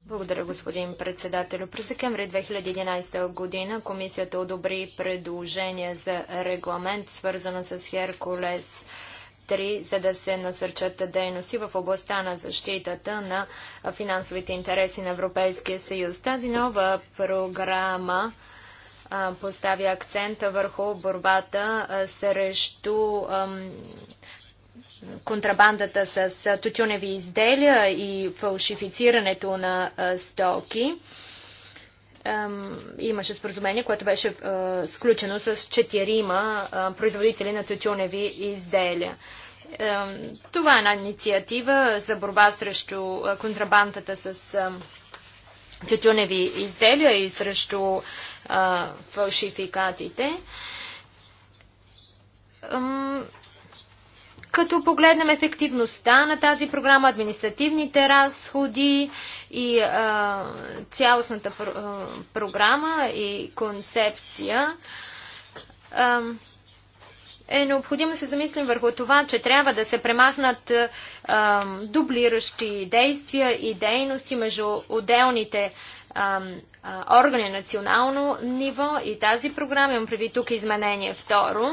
Благодаря, господин председател. През декември 2011 година комисията одобри предложение за регламент, свързано с Херкулес 3, за да се насърчат дейности в областта на защитата на финансовите интереси на Европейския съюз. Тази нова програма поставя акцента върху борбата срещу контрабандата с тютюневи изделия и фалшифицирането на стоки. Имаше споразумение, което беше сключено с четирима производители на тютюневи изделия. Това е една инициатива за борба срещу контрабандата с тютюневи изделия и срещу фалшификатите като погледнем ефективността на тази програма, административните разходи и а, цялостната пр а, програма и концепция, а, е необходимо се замислим върху това, че трябва да се премахнат а, дублиращи действия и дейности между отделните а, а, органи национално ниво и тази програма. Имам преди тук изменение второ.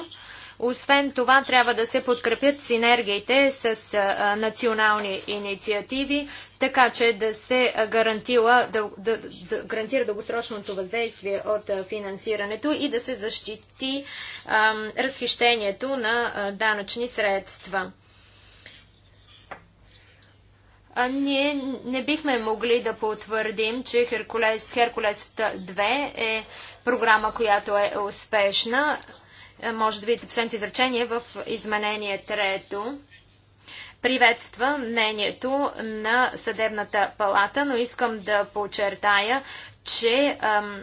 Освен това, трябва да се подкрепят синергиите с а, национални инициативи, така че да се гарантира, да, да, да гарантира дългосрочното въздействие от а, финансирането и да се защити а, разхищението на данъчни средства. А ние не бихме могли да потвърдим, че Херкулес, Херкулес 2 е програма, която е успешна. Е, може да видите последното изречение в изменение трето. Приветства мнението на Съдебната палата, но искам да подчертая, че ам,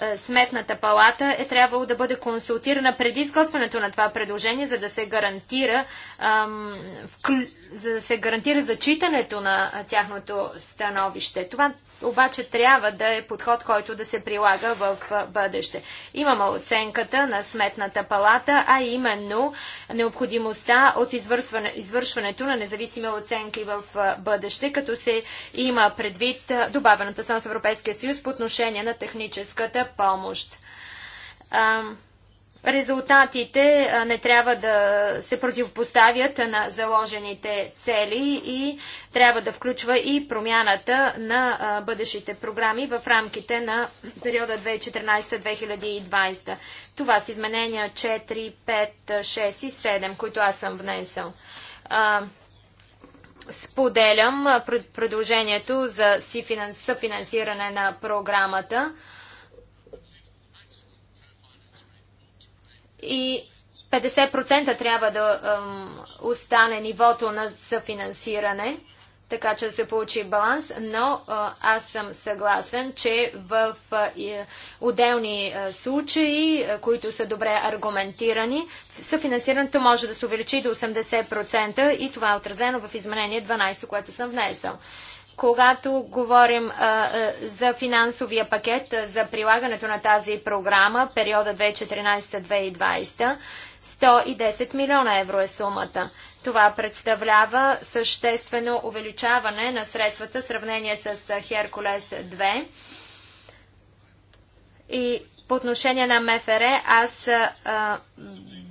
е, Сметната палата е трябвало да бъде консултирана преди изготвянето на това предложение, за да се гарантира, ам, вклю... за да се гарантира зачитането на тяхното становище. Това обаче трябва да е подход, който да се прилага в бъдеще. Имаме оценката на Сметната палата, а именно необходимостта от извършване, извършването на независими оценки в бъдеще, като се има предвид добавената стойност Европейския съюз по отношение на техническата помощ. резултатите не трябва да се противопоставят на заложените цели и трябва да включва и промяната на бъдещите програми в рамките на периода 2014-2020. Това са изменения 4, 5, 6 и 7, които аз съм внесъл. Споделям предложението за съфинансиране на програмата. и 50% трябва да остане нивото на съфинансиране, така че да се получи баланс, но аз съм съгласен, че в отделни случаи, които са добре аргументирани, съфинансирането може да се увеличи до 80% и това е отразено в изменение 12, което съм внесъл. Когато говорим а, за финансовия пакет за прилагането на тази програма, периода 2014-2020, 110 милиона евро е сумата. Това представлява съществено увеличаване на средствата в сравнение с Херкулес 2. И по отношение на МФР, аз а,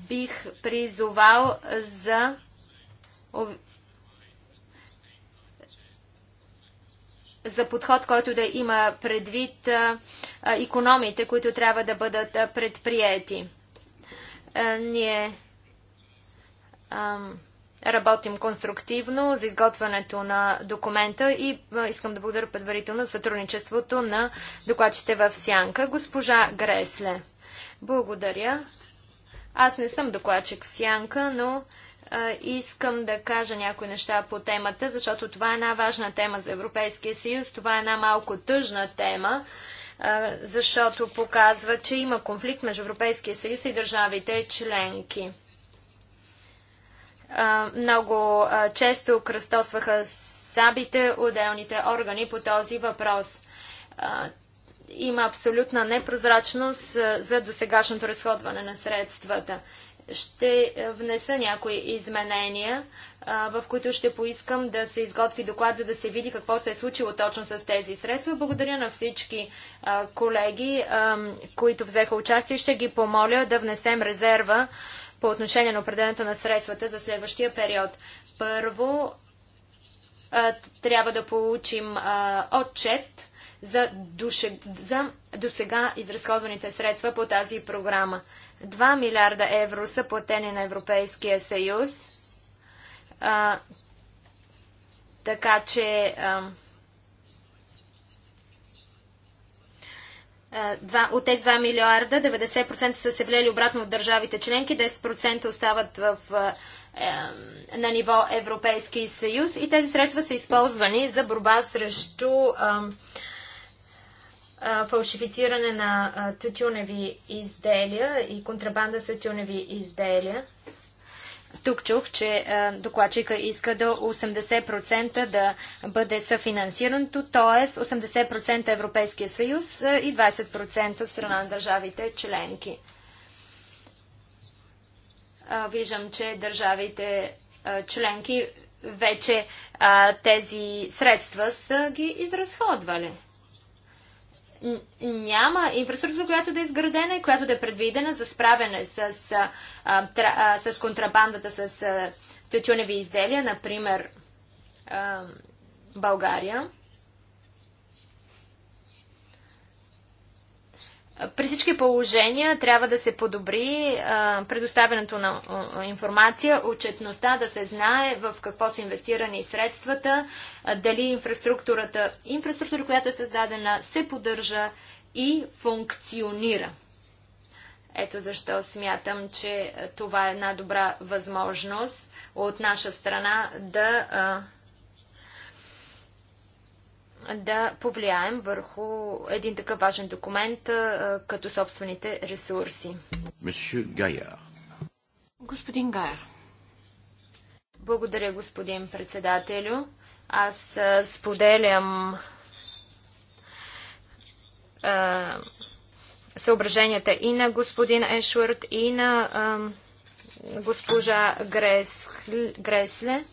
бих призовал за за подход, който да има предвид економите, които трябва да бъдат предприяти. Ние работим конструктивно за изготвянето на документа и искам да благодаря предварително сътрудничеството на докладчите в Сянка. Госпожа Гресле. Благодаря. Аз не съм докладчик в Сянка, но искам да кажа някои неща по темата, защото това е една важна тема за Европейския съюз, това е една малко тъжна тема, защото показва, че има конфликт между Европейския съюз и държавите членки. Много често кръстосваха сабите отделните органи по този въпрос. Има абсолютна непрозрачност за досегашното разходване на средствата ще внеса някои изменения, в които ще поискам да се изготви доклад, за да се види какво се е случило точно с тези средства. Благодаря на всички колеги, които взеха участие. Ще ги помоля да внесем резерва по отношение на определенето на средствата за следващия период. Първо, трябва да получим отчет за, досега изразходваните средства по тази програма. 2 милиарда евро са платени на Европейския съюз. А, така че а, Два, от тези 2 милиарда 90% са се влели обратно от държавите членки, 10% остават в, а, е, на ниво Европейски съюз и тези средства са използвани за борба срещу А, фалшифициране на тютюневи изделия и контрабанда с тютюневи изделия. Тук чух, че докладчика иска до 80% да бъде съфинансирането, т.е. 80% Европейския съюз и 20% от страна на държавите членки. Виждам, че държавите членки вече тези средства са ги изразходвали няма инфраструктура, която да е изградена и която да е предвидена за справяне с, а, тра, а, с контрабандата с а, течуневи изделия, например а, България. При всички положения трябва да се подобри предоставянето на информация, отчетността да се знае в какво са инвестирани средствата, дали инфраструктурата, инфраструктура, която е създадена, се поддържа и функционира. Ето защо смятам, че това е една добра възможност от наша страна да да повлияем върху един такъв важен документ като собствените ресурси. Господин Гайер. Благодаря, господин председателю. Аз споделям съображенията и на господин Ешвард, и на госпожа Грес, Гресле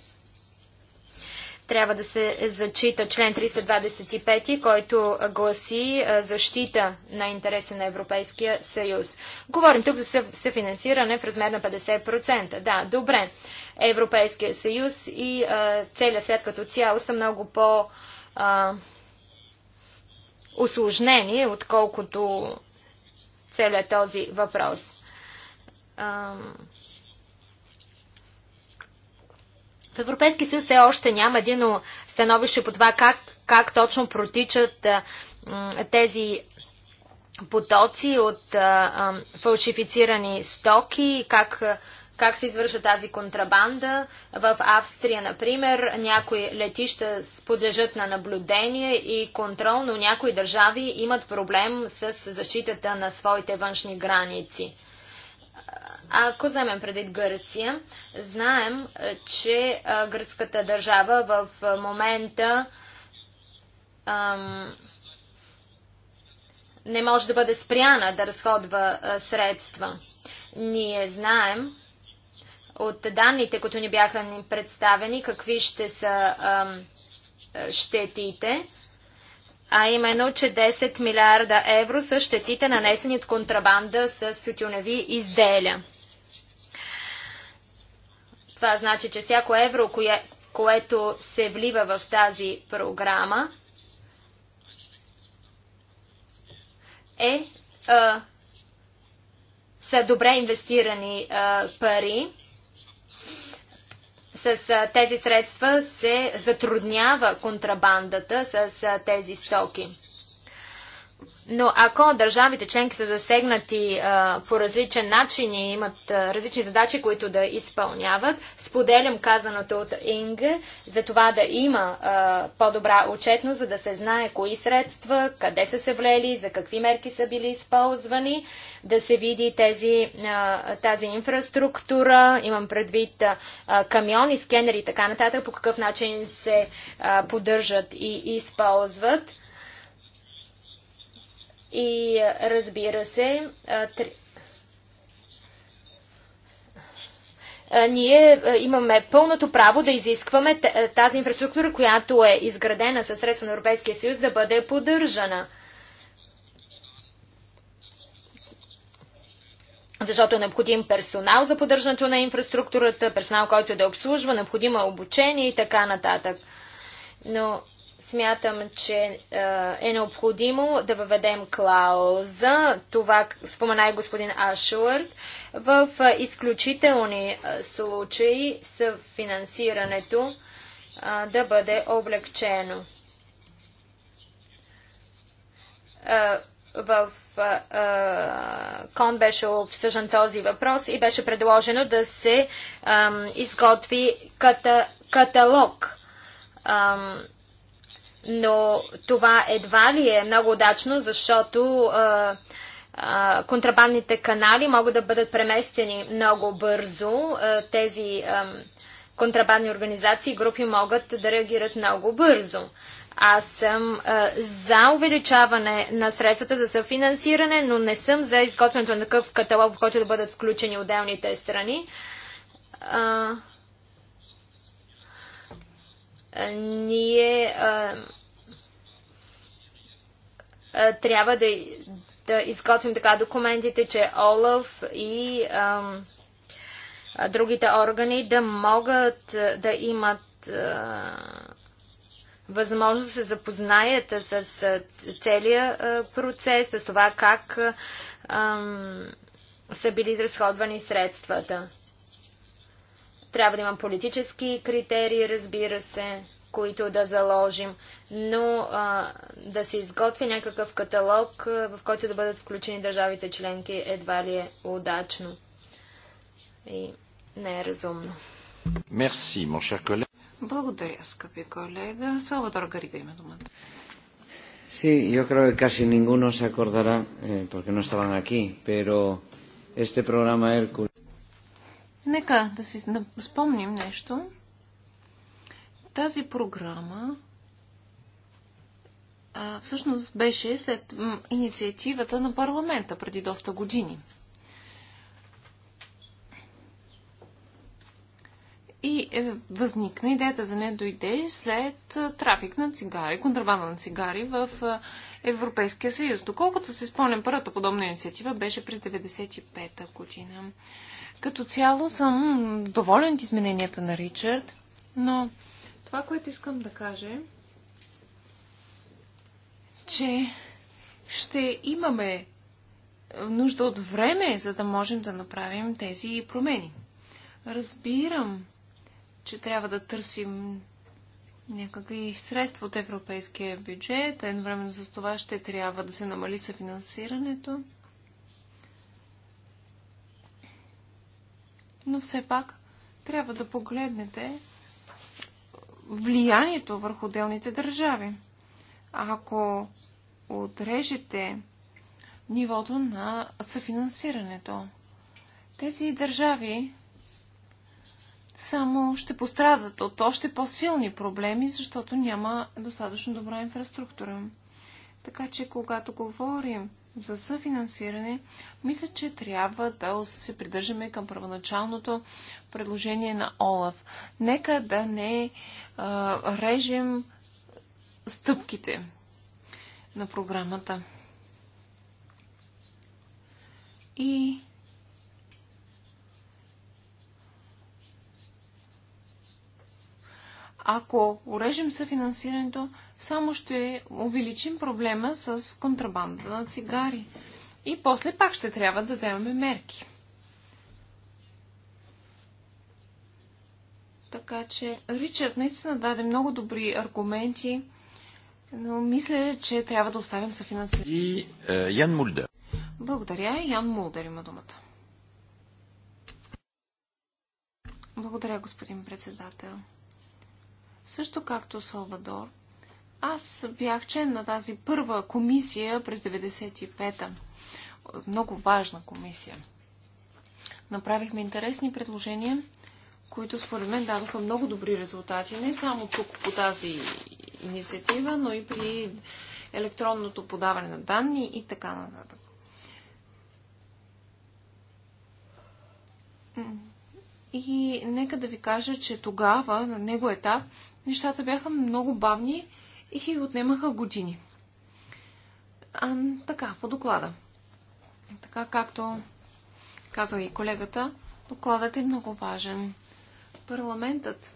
трябва да се зачита член 325, който гласи е, защита на интереса на Европейския съюз. Говорим тук за съфинансиране в размер на 50%. Да, добре. Европейския съюз и а, е, целият свят като цяло са много по- а, е, осложнени, отколкото целият този въпрос. Европейския съюз все още няма едино становище по това как, как точно протичат тези потоци от фалшифицирани стоки, как, как се извършва тази контрабанда. В Австрия, например, някои летища подлежат на наблюдение и контрол, но някои държави имат проблем с защитата на своите външни граници. Ако вземем предвид Гърция, знаем, е, че гръцката държава в момента ам, не може да бъде спряна да разходва средства. Ние знаем от данните, които ни бяха ни представени, какви ще са ам, щетите а именно, че 10 милиарда евро са щетите нанесени от контрабанда с тютюневи изделя. Това значи, че всяко евро, кое, което се влива в тази програма, е, е, са добре инвестирани е, пари с тези средства се затруднява контрабандата с тези стоки. Но ако държавите членки са засегнати а, по различен начин и имат а, различни задачи, които да изпълняват, споделям казаното от Инг за това да има по-добра отчетност, за да се знае кои средства, къде са се влели, за какви мерки са били използвани, да се види тези, а, тази инфраструктура, имам предвид а, камиони, скенери и така нататък, по какъв начин се а, поддържат и използват и разбира се, ние имаме пълното право да изискваме тази инфраструктура, която е изградена със средства на Европейския съюз, да бъде поддържана. защото е необходим персонал за поддържането на инфраструктурата, персонал, който да обслужва, необходимо е обучение и така нататък. Но Смятам, че е, е необходимо да въведем клауза, това спомена и господин Ашуърт, в е, изключителни е, случаи с финансирането да бъде облегчено. В Кон беше обсъждан този въпрос и беше предложено да се изготви ката, каталог но това едва ли е много удачно, защото а, а, контрабандните канали могат да бъдат преместени много бързо. А, тези контрабандни организации и групи могат да реагират много бързо. Аз съм а, за увеличаване на средствата за съфинансиране, но не съм за изготвянето на такъв каталог, в който да бъдат включени отделните страни. А, ние а, а, трябва да, да изготвим така документите, че Олаф и а, другите органи да могат да имат а, възможност да се запознаят с целия процес, с това как а, са били изразходвани средствата. Трябва да имам политически критерии, разбира се, които да заложим, но а, да се изготви някакъв каталог, в който да бъдат включени държавите членки, едва ли е удачно и не е разумно. Мерси, мон колега. Благодаря, скъпи колега. Салвадор Гарига има думата. Sí, yo creo que casi ninguno se acordará, eh, porque no estaban aquí, pero este programa Hércules. Нека да си спомним нещо. Тази програма а, всъщност беше след инициативата на парламента преди доста години. И е, възникна идеята за нея дойде след трафик на цигари, контрабанда на цигари в Европейския съюз. Доколкото се спомням, първата подобна инициатива беше през 95-та година. Като цяло съм доволен от измененията на Ричард, но това, което искам да кажа е, че ще имаме нужда от време, за да можем да направим тези промени. Разбирам, че трябва да търсим някакви средства от европейския бюджет, едновременно с това ще трябва да се намали съфинансирането. но все пак трябва да погледнете влиянието върху отделните държави. А ако отрежете нивото на съфинансирането, тези държави само ще пострадат от още по-силни проблеми, защото няма достатъчно добра инфраструктура. Така че, когато говорим за съфинансиране, мисля, че трябва да се придържаме към първоначалното предложение на Олаф. Нека да не а, режем стъпките на програмата. И ако урежем съфинансирането, само ще увеличим проблема с контрабанда на цигари. И после пак ще трябва да вземаме мерки. Така че Ричард наистина даде много добри аргументи, но мисля, че трябва да оставим съфинансиране. И е, Ян Мулдер. Благодаря. Ян Мулдер има думата. Благодаря, господин председател. Също както Салвадор, аз бях член на тази първа комисия през 95-та. Много важна комисия. Направихме интересни предложения, които според мен дадоха много добри резултати. Не само тук по тази инициатива, но и при електронното подаване на данни и така нататък. И нека да ви кажа, че тогава, на него етап, нещата бяха много бавни и отнемаха години. А, така, по доклада. Така както каза и колегата, докладът е много важен. Парламентът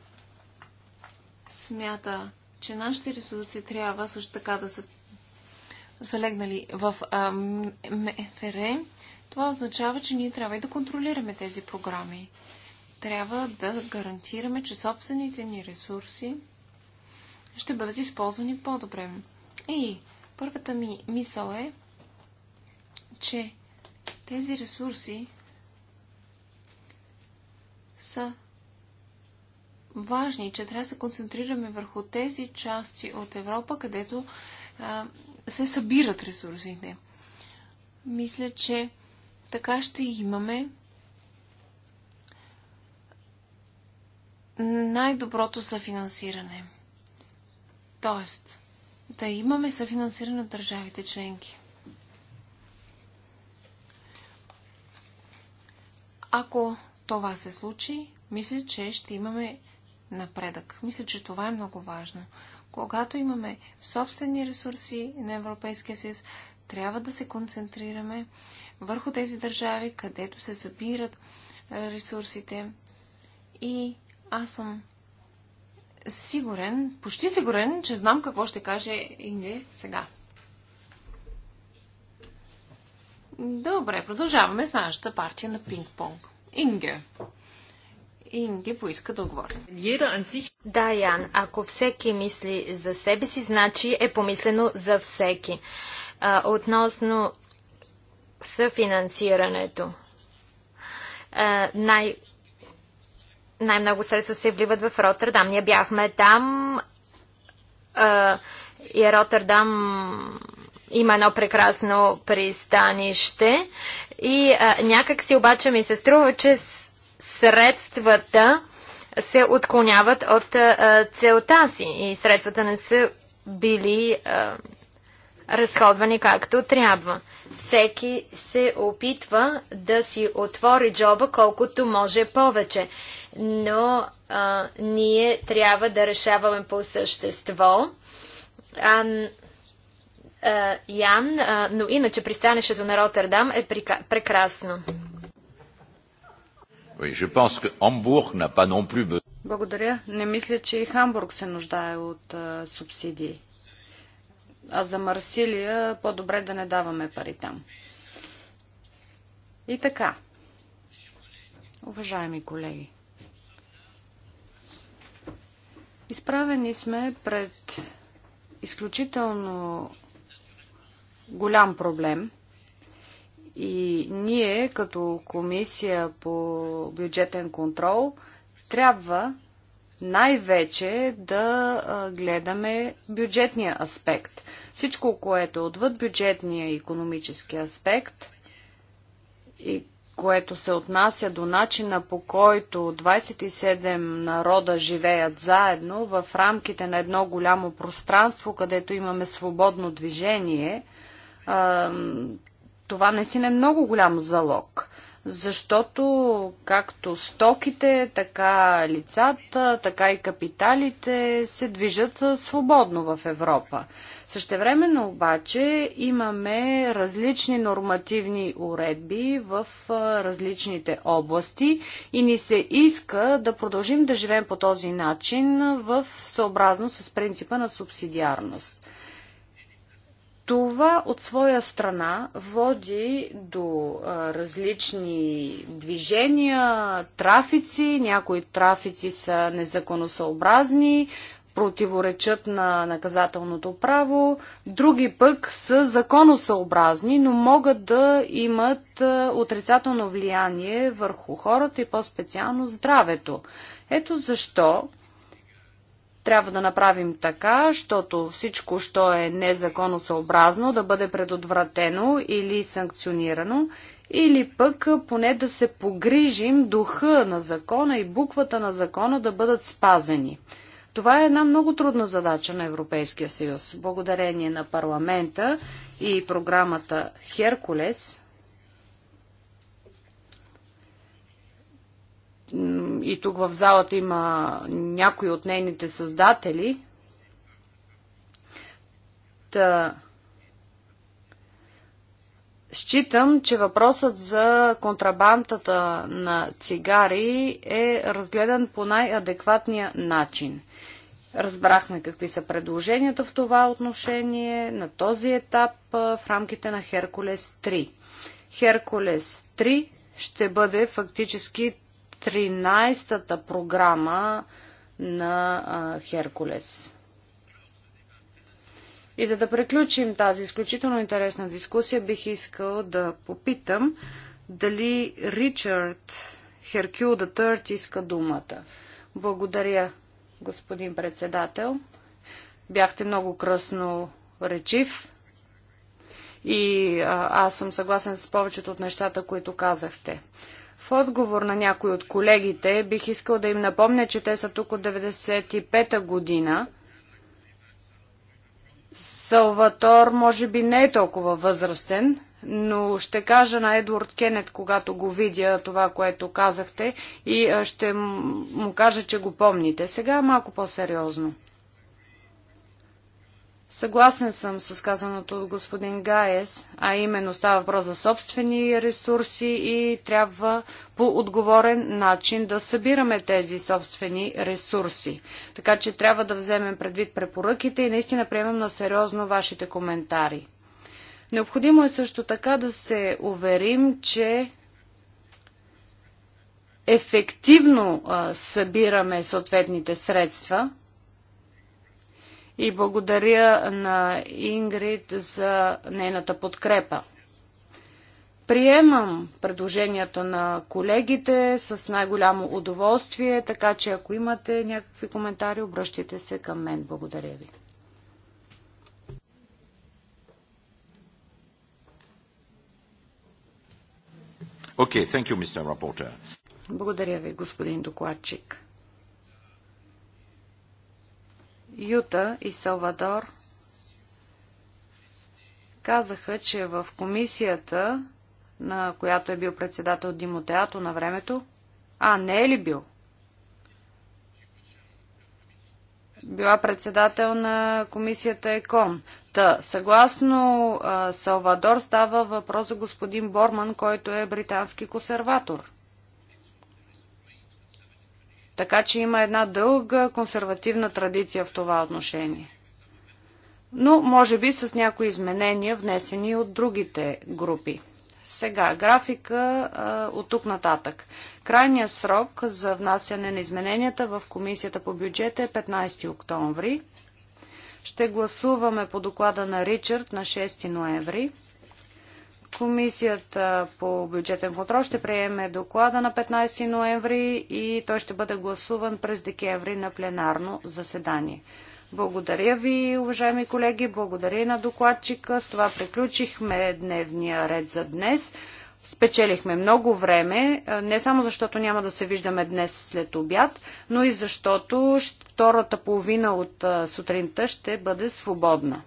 смята, че нашите ресурси трябва също така да са залегнали в МФР. Това означава, че ние трябва и да контролираме тези програми. Трябва да гарантираме, че собствените ни ресурси ще бъдат използвани по-добре. И първата ми мисъл е, че тези ресурси са важни, че трябва да се концентрираме върху тези части от Европа, където а, се събират ресурсите. Мисля, че така ще имаме най-доброто съфинансиране. Тоест, да имаме съфинансиране от държавите членки. Ако това се случи, мисля, че ще имаме напредък. Мисля, че това е много важно. Когато имаме собствени ресурси на Европейския съюз, трябва да се концентрираме върху тези държави, където се събират ресурсите. И аз съм сигурен, почти сигурен, че знам какво ще каже Инги сега. Добре, продължаваме с нашата партия на пинг-понг. Инге. Инге поиска да отговори. Да, Ян, ако всеки мисли за себе си, значи е помислено за всеки. А, относно съфинансирането. най- най-много средства се вливат в Роттердам. Ние бяхме там а, и Роттердам има едно прекрасно пристанище и а, някак си обаче ми се струва, че средствата се отклоняват от а, целта си и средствата не са били а, разходвани както трябва. Всеки се опитва да си отвори джоба колкото може повече, но а, ние трябва да решаваме по същество. А, а, Ян, а, но иначе пристанището на Роттердам е прекрасно. Благодаря. Не мисля, че и Хамбург се нуждае от а, субсидии а за Марсилия по-добре да не даваме пари там. И така, уважаеми колеги, изправени сме пред изключително голям проблем – и ние, като комисия по бюджетен контрол, трябва най-вече да гледаме бюджетния аспект. Всичко, което е отвъд бюджетния и економически аспект и което се отнася до начина по който 27 народа живеят заедно в рамките на едно голямо пространство, където имаме свободно движение, това наистина е много голям залог защото както стоките, така лицата, така и капиталите се движат свободно в Европа. Същевременно обаче имаме различни нормативни уредби в различните области и ни се иска да продължим да живеем по този начин в съобразно с принципа на субсидиарност. Това от своя страна води до а, различни движения, трафици, някои трафици са незаконосъобразни, противоречат на наказателното право, други пък са законосъобразни, но могат да имат а, отрицателно влияние върху хората и по-специално здравето. Ето защо трябва да направим така, защото всичко, що е незаконосъобразно, да бъде предотвратено или санкционирано, или пък поне да се погрижим духа на закона и буквата на закона да бъдат спазени. Това е една много трудна задача на Европейския съюз. Благодарение на парламента и програмата Херкулес, и тук в залата има някои от нейните създатели. Та... Считам, че въпросът за контрабандата на цигари е разгледан по най-адекватния начин. Разбрахме какви са предложенията в това отношение на този етап в рамките на Херкулес 3. Херкулес 3 ще бъде фактически 13-та програма на Херкулес. И за да приключим тази изключително интересна дискусия, бих искал да попитам дали Ричард Херкюл Търт иска думата. Благодаря, господин председател. Бяхте много кръсно речив и а, аз съм съгласен с повечето от нещата, които казахте. В отговор на някой от колегите бих искал да им напомня, че те са тук от 95-та година. Салватор може би не е толкова възрастен, но ще кажа на Едвард Кенет, когато го видя това, което казахте и ще му кажа, че го помните. Сега малко по-сериозно. Съгласен съм с казаното от господин Гаес, а именно става въпрос за собствени ресурси и трябва по отговорен начин да събираме тези собствени ресурси. Така че трябва да вземем предвид препоръките и наистина приемем на сериозно вашите коментари. Необходимо е също така да се уверим, че ефективно а, събираме съответните средства – и благодаря на Ингрид за нейната подкрепа. Приемам предложенията на колегите с най-голямо удоволствие, така че ако имате някакви коментари, обръщайте се към мен. Благодаря ви. Okay, thank you, Mr. Благодаря ви, господин докладчик. Юта и Салвадор казаха, че в комисията, на която е бил председател Димотеато на времето, а не е ли бил? Била председател на комисията ЕКОН. Та, съгласно а, Салвадор става въпрос за господин Борман, който е британски консерватор – така че има една дълга консервативна традиция в това отношение. Но, може би, с някои изменения, внесени от другите групи. Сега, графика а, от тук нататък. Крайният срок за внасяне на измененията в Комисията по бюджета е 15 октомври. Ще гласуваме по доклада на Ричард на 6 ноември. Комисията по бюджетен контрол ще приеме доклада на 15 ноември и той ще бъде гласуван през декември на пленарно заседание. Благодаря ви, уважаеми колеги, благодаря и на докладчика. С това приключихме дневния ред за днес. Спечелихме много време, не само защото няма да се виждаме днес след обяд, но и защото втората половина от сутринта ще бъде свободна.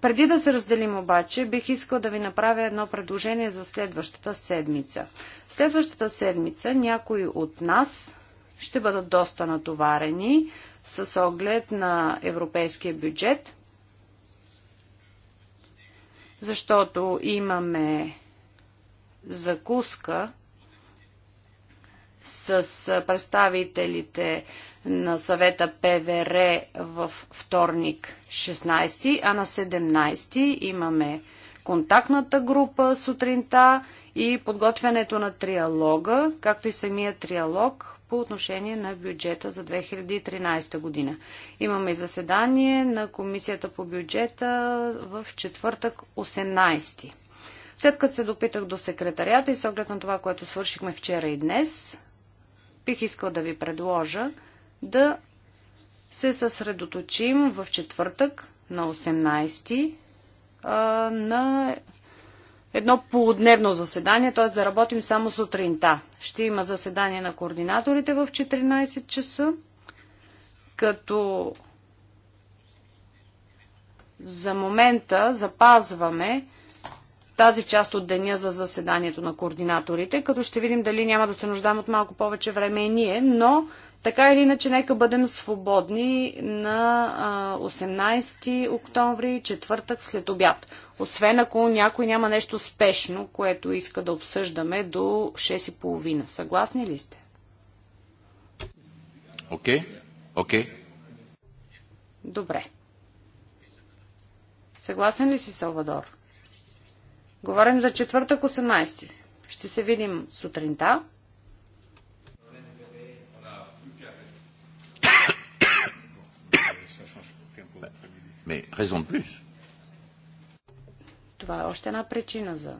Преди да се разделим обаче, бих искал да ви направя едно предложение за следващата седмица. Следващата седмица някои от нас ще бъдат доста натоварени с оглед на европейския бюджет, защото имаме закуска с представителите на съвета ПВР в вторник 16, а на 17 имаме контактната група сутринта и подготвянето на триалога, както и самия триалог по отношение на бюджета за 2013 година. Имаме и заседание на Комисията по бюджета в четвъртък 18. След като се допитах до секретарията и с оглед на това, което свършихме вчера и днес, бих искал да ви предложа да се съсредоточим в четвъртък на 18 на едно полудневно заседание, т.е. да работим само сутринта. Ще има заседание на координаторите в 14 часа, като за момента запазваме тази част от деня за заседанието на координаторите, като ще видим дали няма да се нуждаем от малко повече време и ние, но така или иначе, нека бъдем свободни на 18 октомври, четвъртък след обяд. Освен ако някой няма нещо спешно, което иска да обсъждаме до 6.30. Съгласни ли сте? Окей. Okay. Окей. Okay. Добре. Съгласен ли си, Салвадор? Говорим за четвъртък 18. Ще се видим сутринта. mais raison de plus. Това е още една причина за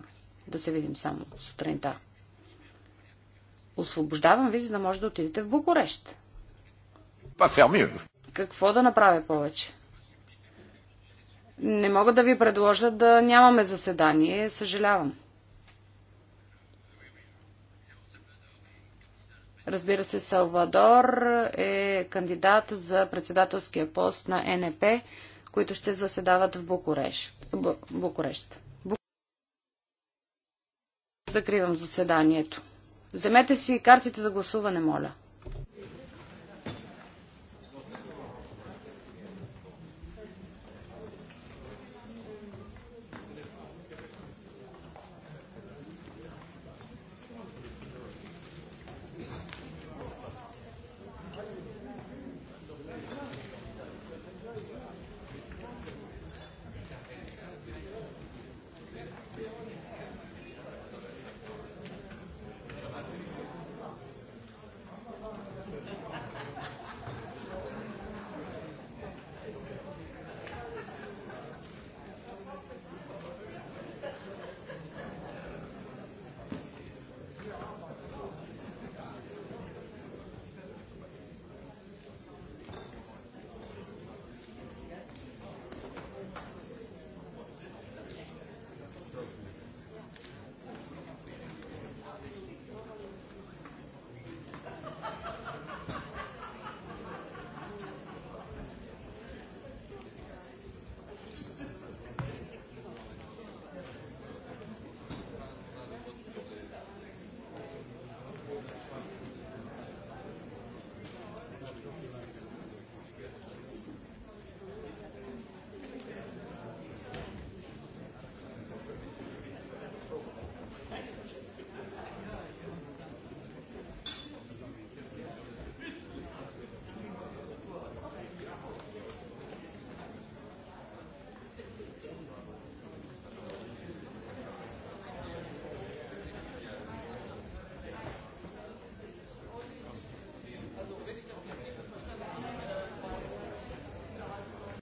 да се видим само сутринта. Освобождавам ви, за да може да отидете в Букурещ. Какво да направя повече? Не мога да ви предложа да нямаме заседание, съжалявам. Разбира се, Салвадор е кандидат за председателския пост на НП които ще заседават в Букурещ. Букурещ. Закривам заседанието. Вземете си картите за гласуване, моля.